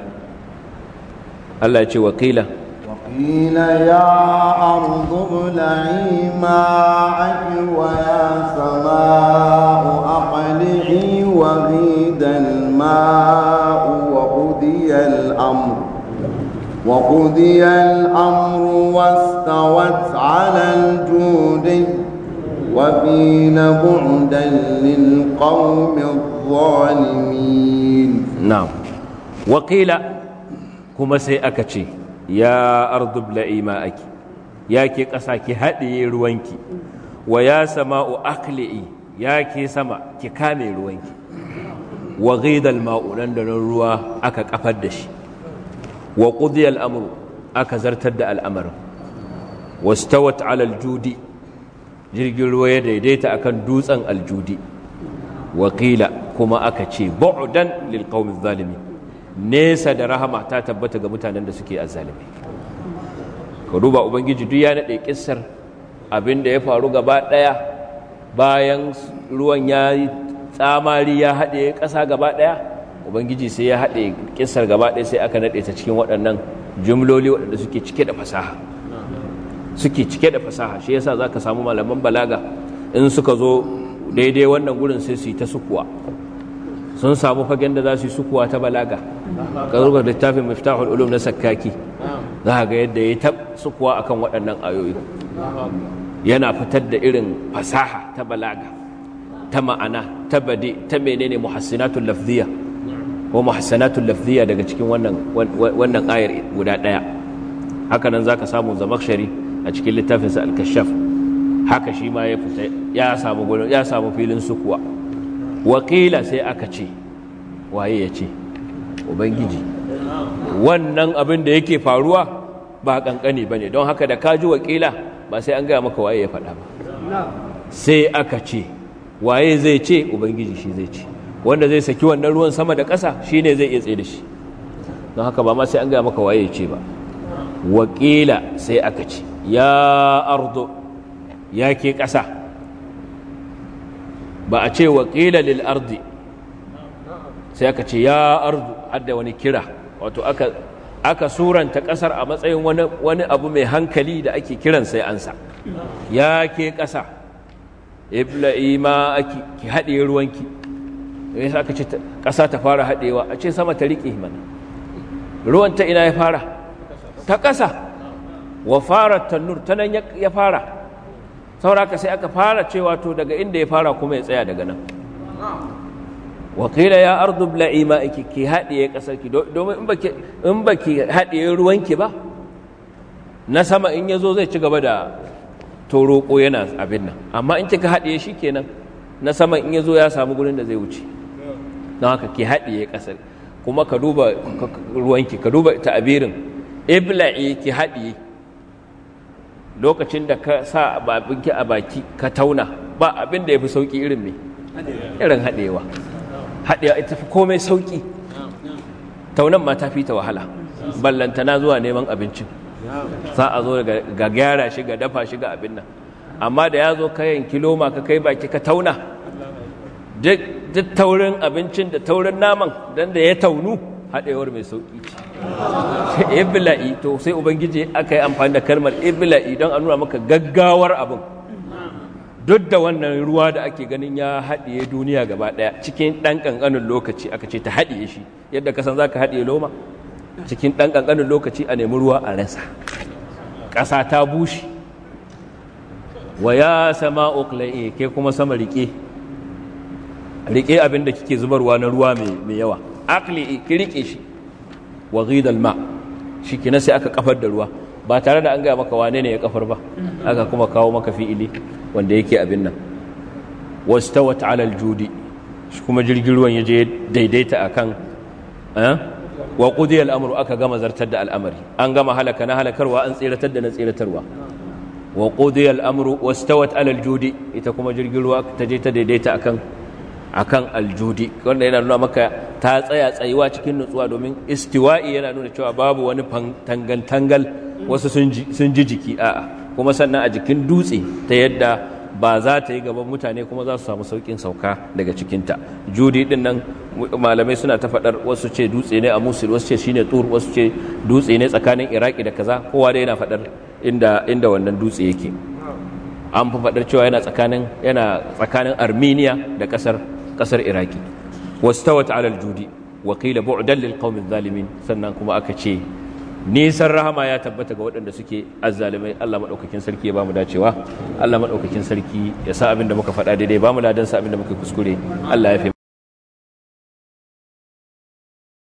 Allah ya ce wakila wakila ya ardu ula'i ma'aki wa ya sama'u aqli'i wa ghidal ma'u wa qudiyal amru وقضي الأمر واستوت على الجود وقيل بعدا للقوم الظالمين na'am wakila kuma sai aka ce ya ardu bla'i ma'aki ya ke ƙasa ki haɗiye ruwanki wa ya sama'u akli'i ya ke sama ki kame ruwanki wa ghidal ma'u nan da ruwa aka kafar da shi wa qudiya al'amru aka zartar da al'amarin wastawat ala aljudi jirgin ruwa ya daidaita akan dutsen aljudi wakila kuma aka ce bu'dan lil zalimi nesa da rahama ta tabbata ga mutanen da suke azzalimi ka duba ubangiji duk ya nade kissar abin da ya faru gaba daya bayan ruwan ya tsamari ya haɗe ƙasa gaba daya ubangiji sai ya haɗe kissar gaba daya sai aka naɗe ta cikin waɗannan jumloli waɗanda suke cike da fasaha suke cike da fasaha shi yasa zaka samu malaman balaga in suka zo daidai wannan gurin sai su yi ta sukuwa sun samu fagen da za su yi sukuwa ta balaga ƙarfar littafin miftahul ulum na sakkaki za ga yadda ya ta sukuwa akan waɗannan ayoyi yana fitar da irin fasaha ta balaga ta ma'ana ta bade ta menene muhassinatul lafziya ko muhassanatul lafziya daga cikin wannan ayar guda ɗaya haka nan zaka samu zamakshari a cikin littafinsa alkashaf. haka shi ma ya fita ya samu gudun ya samu filin sukuwa wakila sai aka ce waye ya ce ubangiji wannan abin da yake faruwa ba kankani ba ne don haka da kaji wakila ba sai an gaya maka waye ya faɗa ba sai aka ce waye zai ce ubangiji shi zai ce wanda zai saki wannan ruwan sama da ƙasa shi ne zai iya tsaye da shi don haka ba ma sai an gaya maka waye ya ce ba wakila sai aka ce ya ardo ya ke ƙasa ba a ce waƙila lil ardi sai aka ce ya ardu hadda wani kira wato aka aka suranta ƙasar a matsayin wani, wani abu mai hankali da ake kiran sai ansa ya ke ƙasa ima ake ki haɗe ruwanki ya sa aka ce ƙasa ta fara haɗewa a ce sama ta riƙe mana ruwan ta ina ya fara ta ƙasa wa fara tannur ta nan ya fara sauraka sai aka fara cewa to daga inda ya fara kuma ya tsaya daga nan wakila ya ardu bla'i ma'iki ki haɗiye ƙasar ki domin in ba ki haɗiye ruwanki ba na sama in ya zo zai ci gaba da toroko yana abin nan amma in kika haɗiye shi kenan na sama in ya zo ya samu gurin da zai wuce don haka ki haɗiye ƙasar kuma ka duba ruwanki ka duba ta'abirin ibla'i ki haɗiye lokacin da ka sa abinki a baki ka tauna ba abin da ya fi sauƙi irin me irin haɗewa haɗewa ita fi komai sauki taunan ma ta fi ta wahala ballantana zuwa neman abincin za a zo ga gyara shi ga dafa shi ga abin nan amma da ya zo kayan kiloma ka kai baki ka tauna duk taurin abincin da taurin naman don da ya taunu haɗewar mai sauƙi ce ibla'i to sai ubangiji aka yi amfani da kalmar ibla'i don a nuna maka gaggawar abin duk da wannan ruwa da ake ganin ya haɗiye duniya gaba ɗaya cikin ɗan ƙanƙanin lokaci aka ce ta haɗiye shi yadda ka san za ka haɗiye loma cikin ɗan ƙanƙanin lokaci a nemi ruwa a rasa ƙasa ta bushe wa ya sama ukla'i ke kuma sama riƙe riƙe abin da kike zubarwa na ruwa mai yawa akli ki rike shi wa ghid al ma shikenan sai aka kafar da ruwa ba tare da an gaya maka wane ne ya kafar ba aka kuma kawo maka fi'ili wanda yake abin nan wastawat ala al judi shi kuma jirgin ruwan yaje daidaita akan eh wa qudiyal amru aka gama zartar da al'amari an gama halaka na halakarwa an tsiratar da na tsiratarwa wa qudiyal amru wastawat ala al judi ita kuma jirgin ruwa ta je ta daidaita akan akan aljudi wanda yana nuna maka ta tsaya tsayuwa cikin nutsuwa domin istiwa'i yana nuna cewa babu wani tangal-tangal wasu sun ji jiki a'a kuma sannan a jikin dutse ta yadda ba za ta yi gaban mutane kuma za su samu saukin sauka daga cikinta judi din nan malamai suna ta faɗar wasu ce dutse ne a musul wasu ce shine tur wasu ce dutse ne tsakanin iraki da kaza kowa dai yana faɗar inda wannan dutse yake an fi faɗar cewa yana tsakanin yana armenia da kasar. kasar iraki wastawat ala aljudi wa qila bu'dan lil qaumiz zalimin sannan kuma aka ce nisan rahama ya tabbata ga waɗanda suke azzalimai Allah madaukakin sarki ya bamu dacewa Allah madaukakin sarki ya sa abin da muka faɗa daidai bamu ladan sa abin da muka kuskure Allah ya